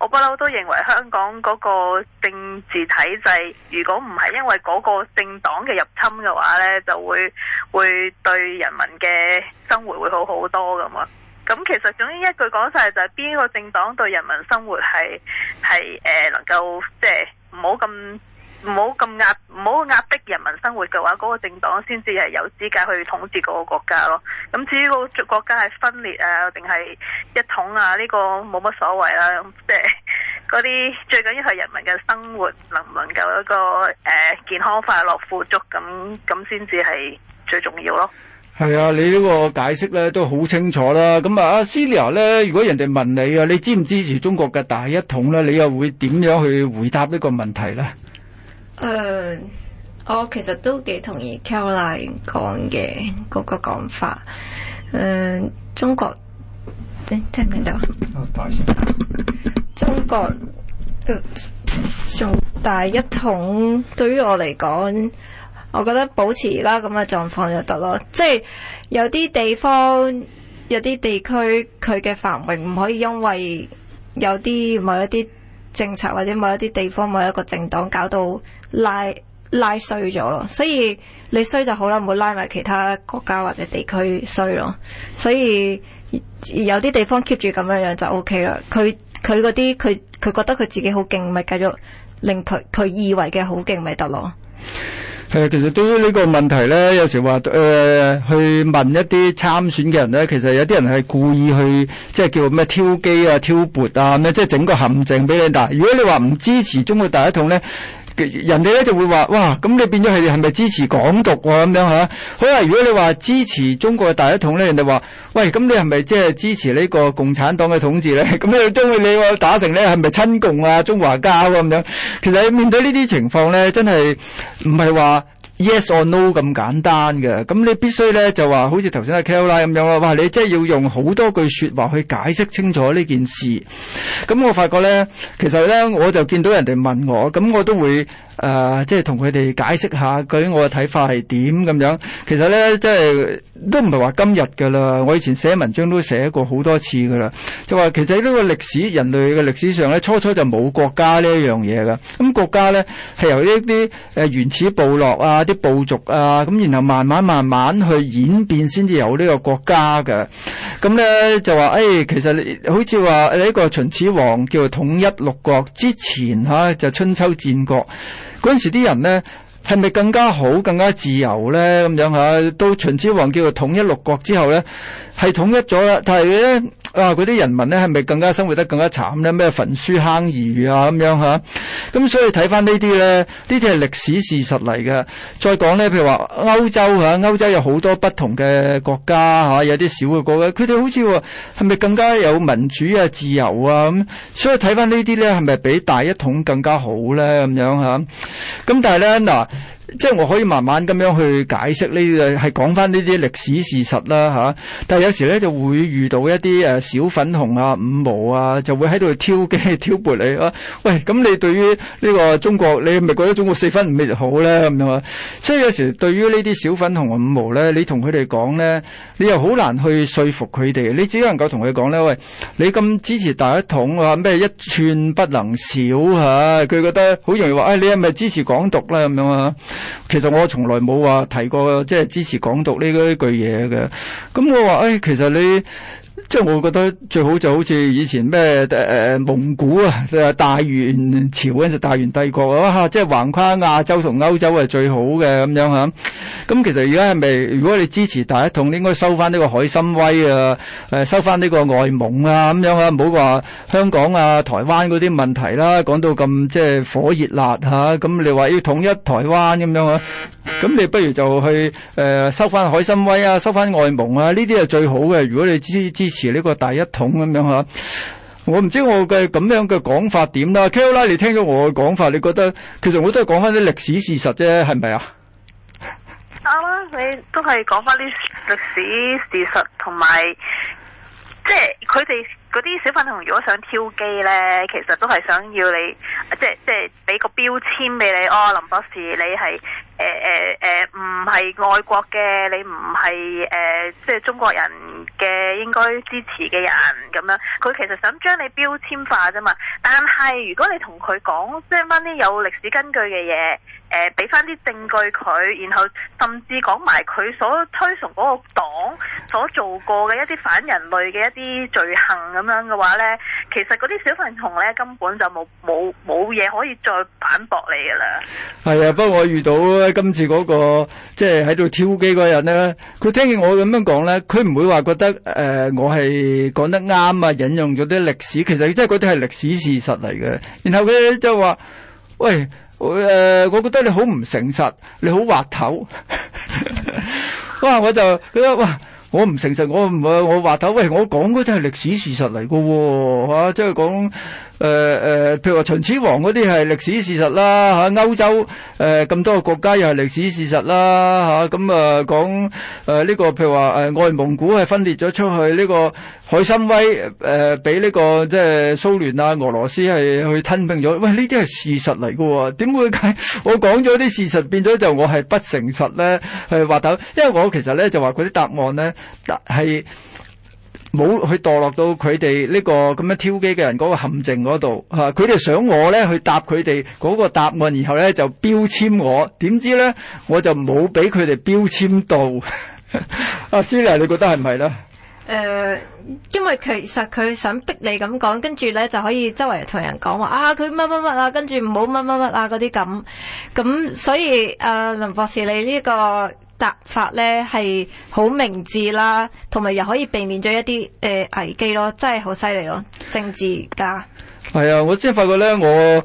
我不嬲都認為香港嗰個政治體制，如果唔係因為嗰個政黨嘅入侵嘅話咧，就會會對人民嘅生活會好好多咁啊。咁其實總之一句講晒就係邊個政黨對人民生活係係誒能夠即係唔好咁唔好咁壓唔好壓迫人民。生活嘅話，嗰、那個政黨先至係有資格去統治嗰個國家咯。咁至於個國家係分裂啊，定係一統啊，呢、這個冇乜所謂啦、啊。咁即係嗰啲最緊要係人民嘅生活能唔能夠一個誒、啊、健康快樂富足，咁咁先至係最重要咯。係啊，你呢個解釋咧都好清楚啦。咁啊，Celia 咧，如果人哋問你啊，你支唔支持中國嘅大一統咧，你又會點樣去回答呢個問題咧？誒、呃。我、哦、其實都幾同意 Caroline 講嘅嗰、那個講法。誒、嗯，中國，欸、聽唔聽到？ <laughs> 中國做、呃、大一統，對於我嚟講，我覺得保持而家咁嘅狀況就得咯。即、就、係、是、有啲地方、有啲地區，佢嘅繁榮唔可以因為有啲某一啲政策或者某一啲地方某一個政黨搞到拉。拉衰咗咯，所以你衰就好啦，唔好拉埋其他國家或者地區衰咯。所以有啲地方 keep 住咁樣樣就 OK 啦。佢佢嗰啲佢佢覺得佢自己好勁，咪繼續令佢佢以為嘅好勁咪得咯。係啊，其實對於呢個問題咧，有時話誒、呃、去問一啲參選嘅人咧，其實有啲人係故意去即係叫咩挑機啊、挑撥啊，咩即係整個陷阱俾你。但如果你話唔支持中國大一統咧？人哋咧就會話：哇，咁你變咗係係咪支持港獨喎、啊？咁樣吓，好、啊、啦，如果你話支持中國嘅大一統咧，人哋話：喂，咁你係咪即係支持呢個共產黨嘅統治咧？咁你將你打成咧係咪親共啊？中華膠咁樣。其實你面對呢啲情況咧，真係唔係話。Yes or no 咁簡單嘅，咁你必須咧就話好似頭先阿 Kelvin 咁樣話：「哇！你即係要用好多句說話去解釋清楚呢件事。咁我發覺咧，其實咧我就見到人哋問我，咁我都會。誒、呃，即係同佢哋解釋下，究竟我嘅睇法係點咁樣？其實咧，即係都唔係話今日㗎啦。我以前寫文章都寫過好多次㗎啦。就話其實呢個歷史，人類嘅歷史上咧，初初就冇國，國家呢一樣嘢㗎。咁國家咧係由呢啲原始部落啊、啲部族啊，咁然後慢慢慢慢去演變，先至有呢個國家㗎。咁咧就話誒、哎，其實好似話呢個秦始皇叫做統一六國之前、嚇、就春秋戰國。嗰陣時啲人咧係咪更加好、更加自由咧？咁樣吓，到秦始皇叫做統一六國之後咧，係統一咗啦，但係咧。啊！嗰啲人民咧，係咪更加生活得更加慘咧？咩焚書坑儒啊，咁樣嚇。咁所以睇翻呢啲咧，呢啲係歷史事實嚟嘅。再講咧，譬如話歐洲嚇，歐洲有好多不同嘅國家嚇，有啲小嘅國家，佢哋好似話係咪更加有民主啊、自由啊咁？所以睇翻呢啲咧，係咪比大一統更加好咧？咁樣嚇。咁但係咧嗱。即係我可以慢慢咁樣去解釋呢個係講翻呢啲歷史事實啦嚇，但係有時咧就會遇到一啲小粉紅啊、五毛啊，就會喺度挑機挑撥你啊。喂，咁你對於呢個中國，你係咪覺得中國四分五裂好咧咁樣啊？所以有時對於呢啲小粉紅五毛咧，你同佢哋講咧，你又好難去說服佢哋，你只能夠同佢講咧，喂，你咁支持大一統啊咩一寸不能少嚇，佢覺得好容易話、哎、你係咪支持港獨啦咁樣啊？其實我從來冇話提過即係、就是、支持港獨呢嗰句嘢嘅，咁我話誒、哎，其實你。即係我覺得最好就好似以前咩誒誒蒙古啊，即、呃、係大元朝嗰陣，大元帝國啊，即係橫跨亞洲同歐洲，係最好嘅咁樣吓。咁、啊嗯、其實而家係咪如果你支持大一統應該收翻呢個海參崴啊，誒收翻呢個外蒙啊咁樣啊，唔好話香港啊、台灣嗰啲問題啦，講到咁即係火熱辣吓咁、啊嗯、你話要統一台灣咁樣啊，咁、嗯、你不如就去誒、呃、收翻海參崴啊，收翻外蒙啊，呢啲係最好嘅。如果你支支。持呢個大一統咁樣，我唔知我嘅咁樣嘅講法點啦。Ko La Lee，你聽咗我嘅講法，你覺得其實我都係講翻啲歷史事實啫，係咪啊？啱啊、嗯，你都係講翻啲歷史事實同埋。即係佢哋嗰啲小粉紅，如果想挑機呢，其實都係想要你，即係即係俾個標籤俾你哦，林博士，你係誒誒唔係外國嘅，你唔係誒即係中國人嘅應該支持嘅人咁樣，佢其實想將你標籤化啫嘛。但係如果你同佢講，即係問啲有歷史根據嘅嘢。誒，俾翻啲證據佢，然後甚至講埋佢所推崇嗰個黨所做過嘅一啲反人類嘅一啲罪行咁樣嘅話呢，其實嗰啲小粉紅呢，根本就冇冇冇嘢可以再反駁你噶啦。係啊，不過我遇到今次嗰、嗰個即係喺度挑機嗰個人呢，佢聽見我咁樣講呢，佢唔會話覺得誒、呃、我係講得啱啊，引用咗啲歷史，其實真係嗰啲係歷史事實嚟嘅。然後佢就話：喂。我、呃、我覺得你好唔誠實，你好滑頭 <laughs> 哇我就。哇！我就覺得哇，我唔誠實，我唔我滑頭。喂，我講嗰啲係歷史事實嚟噶，喎、吓，即係講。誒誒、呃呃，譬如話秦始皇嗰啲係歷史事實啦，吓、啊、歐洲誒咁、呃、多個國家又係歷史事實啦，吓咁啊講誒呢個譬如話誒、呃、外蒙古係分裂咗出去，呢、這個海參崴誒俾呢個即係蘇聯啊俄羅斯係去吞併咗，喂呢啲係事實嚟噶、啊，點會解我講咗啲事實變咗就我係不誠實咧？係滑頭，因為我其實咧就話佢啲答案呢，係。冇去墮落到佢哋呢個咁樣挑機嘅人嗰個陷阱嗰度，嚇！佢哋想我咧去答佢哋嗰個答案，然後咧就標籤我。點知咧我就冇俾佢哋標籤到。阿、 <laughs> 啊、Sunny、 <laughs> 啊、你覺得係唔係咧？誒，因為其實佢想逼你咁講，跟住咧就可以周圍同人講話啊，佢乜乜乜啊，跟住唔好乜乜乜啊嗰啲咁咁，所以、啊、林博士你呢個答法咧係好明智啦，同埋又可以避免咗一啲誒、呃、危機咯，真係好犀利咯，政治家。係啊，我先發覺咧，我誒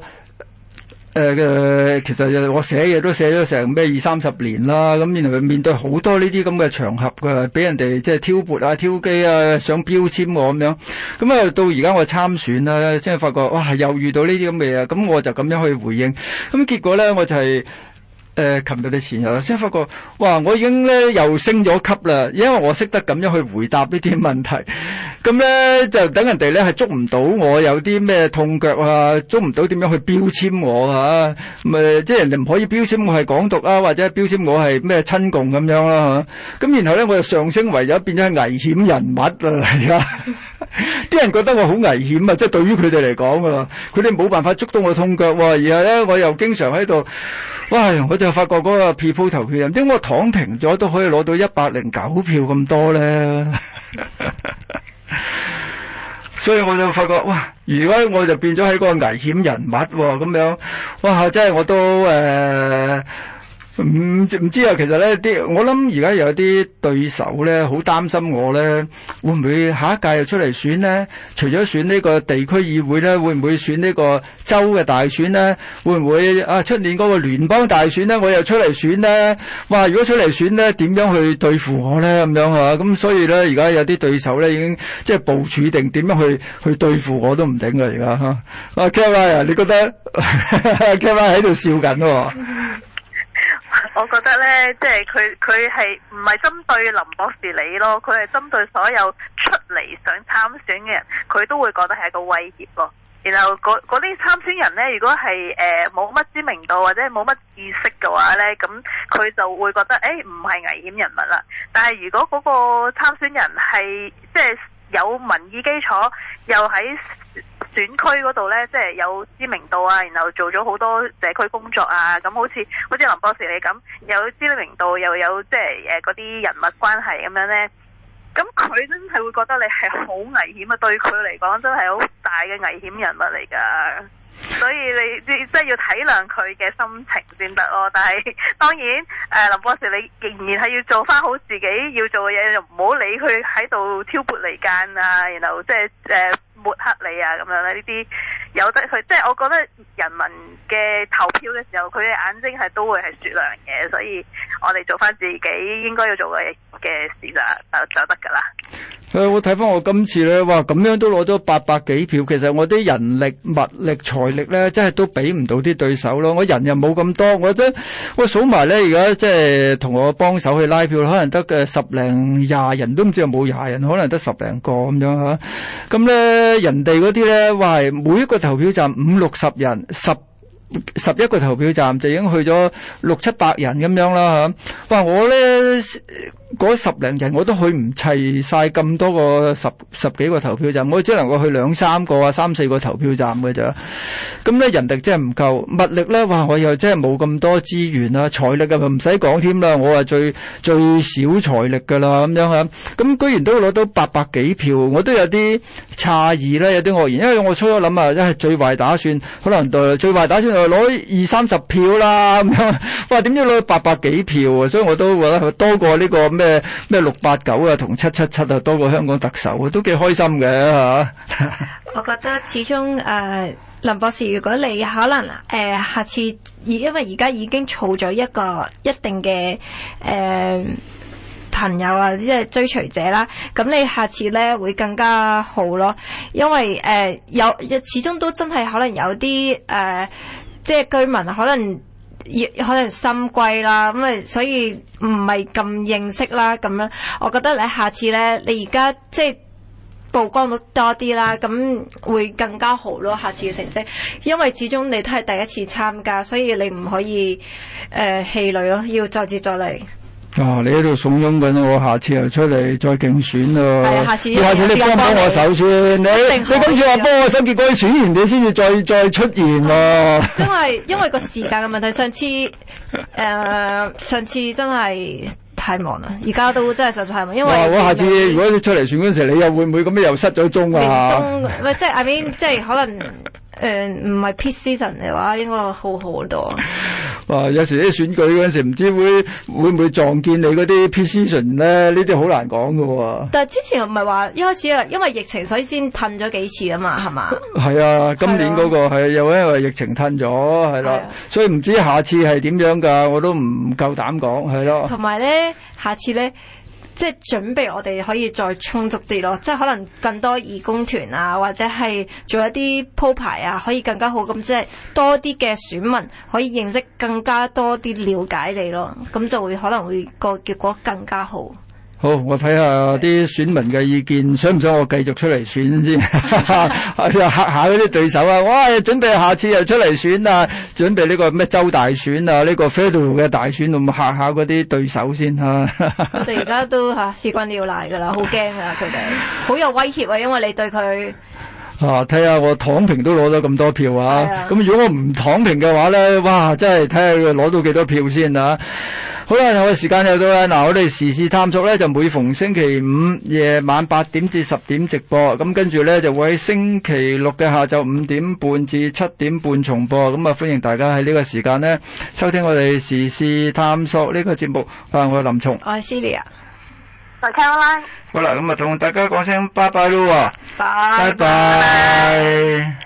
嘅、呃、其實我寫嘢都寫咗成咩二三十年啦，咁然後面對好多呢啲咁嘅場合嘅，俾人哋即係挑撥啊、挑機啊、想標籤我咁樣。咁啊到而家我參選啦、啊，先發覺哇又遇到呢啲咁嘅嘢啊，咁我就咁樣去回應，咁結果咧我就係、是。誒，琴日定前日先發覺，哇！我已經咧又升咗級啦，因為我識得咁樣去回答呢啲問題，咁咧就等人哋咧係捉唔到我，有啲咩痛腳啊，捉唔到點樣去標籤我吓、啊，咪即係人哋唔可以標籤我係港獨啊，或者標籤我係咩親共咁樣啦、啊，咁然後咧我就上升為咗變咗危險人物嚟 <laughs> 啲 <laughs> 人覺得我好危險啊！即、就、係、是、對於佢哋嚟講噶，佢哋冇辦法捉到我痛腳、啊，哇！然後咧我又經常喺度，哇！我就發覺嗰個 people 點解我躺平咗都可以攞到一百零九票咁多咧， <laughs> 所以我就發覺，哇！如果我就變咗喺個危險人物咁、啊、樣，哇！真、就、係、是、我都誒。呃唔唔知啊！其實咧，啲我諗而家有啲對手咧，好擔心我咧，會唔會下一屆又出嚟選咧？除咗選呢個地區議會咧，會唔會選呢個州嘅大選咧？會唔會啊？出年嗰個聯邦大選咧，我又出嚟選咧？哇！如果出嚟選咧，點樣去對付我咧？咁樣啊。咁，所以咧，而家有啲對手咧，已經即係部署定點樣去去對付我都唔定㗎。而家嚇啊 Cammy 啊，你覺得 Cammy 喺度笑緊我覺得呢，即係佢，佢係唔係針對林博士你咯，佢係針對所有出嚟想參選嘅人，佢都會覺得係一個威脅咯。然後嗰啲參選人呢，如果係誒冇乜知名度或者冇乜意識嘅話呢，咁佢就會覺得誒唔係危險人物啦。但係如果嗰個參選人係即係有民意基礎，又喺。選區嗰度呢，即係有知名度啊，然後做咗好多社區工作啊，咁好似好似林博士你咁有知名度，又有即係誒嗰啲人物關係咁樣呢。咁佢真係會覺得你係好危險啊，對佢嚟講真係好大嘅危險人物嚟噶，所以你即係要體諒佢嘅心情先得咯。但係當然誒、呃，林博士你仍然係要做翻好自己要做嘅嘢，就唔好理佢喺度挑撥離間啊，然後即係誒。呃抹黑你啊，咁樣呢啲有得佢，即係我覺得人民嘅投票嘅時候，佢嘅眼睛係都會係雪亮嘅，所以我哋做返自己應該要做嘅嘅事就就得㗎啦。誒，我睇翻我今次咧，哇，咁樣都攞咗八百幾票。其實我啲人力、物力、財力咧，真係都比唔到啲對手咯。我人又冇咁多，我覺得我數埋咧，而家即係同我幫手去拉票，可能得嘅十零廿人都唔知有冇廿人，可能得十零個咁樣吓。咁、啊、咧，人哋嗰啲咧，哇，係每一個投票站五六十人，十十一個投票站就已經去咗六七百人咁樣啦吓、啊。哇，我咧～嗰十零人我都去唔齊曬咁多個十十幾個投票站，我只能夠去兩三個啊、三四個投票站嘅咋。咁咧，人力真係唔夠，物力咧，哇，我又真係冇咁多資源啊，財力啊唔使講添啦，我係最最少財力㗎啦咁樣啊。咁居然都攞到八百幾票，我都有啲詫異咧，有啲愕然，因為我初初諗啊，真係最壞打算，可能最壞打算攞二三十票啦咁樣，哇，點知攞八百幾票啊？所以我都覺得多過呢個咩？咩六八九啊，同七七七啊，多過香港特首，都幾開心嘅吓。我覺得始終誒、呃，林博士，如果你可能誒、呃，下次因為而家已經儲咗一個一定嘅誒、呃、朋友啊，即係追隨者啦，咁你下次咧會更加好咯。因為誒、呃、有始終都真係可能有啲誒、呃，即係居民可能。可能心悸啦，咁啊，所以唔係咁認識啦，咁我覺得你下次呢，你而家即係曝光率多啲啦，咁會更加好咯。下次嘅成績，因為始終你都係第一次參加，所以你唔可以誒、呃、氣餒咯，要再接再厲。哇、啊！你喺度慫恿緊我，下次又出嚟再競選咯。係啊，下次。你下，下次你幫我手先。你一定你今次幫我幫我新結果，啲選完你先至再再出現咯、啊。真係因為個時間嘅問題， <laughs> 上次誒，uh, 上次真係太忙啦。而家都真係實在係忙，因為、啊、我下次中如果出嚟選嗰陣時候，你又會唔會咁樣又失咗蹤啊吓？唔即係阿 v 即係可能。誒唔係 peak season 嘅話，應該好好多。哇！有時啲選舉嗰陣時，唔知會會唔會撞見你嗰啲 peak season 咧？呢啲好難講嘅喎。但係之前唔係話一開始啊，因為疫情所以先褪咗幾次啊嘛，係嘛？係啊，今年嗰個係又因為疫情褪咗，係啦，所以唔知下次係點樣㗎？我都唔夠膽講，係咯。同埋咧，下次咧。即係準備，我哋可以再充足啲咯。即係可能更多義工團啊，或者係做一啲鋪排啊，可以更加好咁，即係多啲嘅選民可以認識更加多啲了解你咯。咁就會可能會個結果更加好。好，我睇下啲選民嘅意見，想唔想我繼續出嚟選先？係啊，嚇下嗰啲對手啊！哇，準備下次又出嚟選啦，啊，準備呢個咩州大選啊，呢、呢個 Federal 嘅大選，啊，咁嚇下嗰啲對手先嚇。我哋而家都事關你要嚟㗎啦，好驚啊！佢哋好有威脅啊，因為你對佢。啊！睇下我躺平都攞咗咁多票啊！咁的如果我唔躺平嘅話咧，哇！真係睇下佢攞到幾多票先啊！好啦，我嘅時間又到啦。嗱，啊，我哋時事探索咧就每逢星期五夜晚八點至十點直播，咁跟住咧就會喺星期六嘅下晝五點半至七點半重播。咁啊，歡迎大家喺呢個時間咧收聽我哋時事探索呢個節目。啊，我係林松。啊，Celia。我係 Caroline。好啦，咁啊同大家講聲拜拜咯喎，拜拜。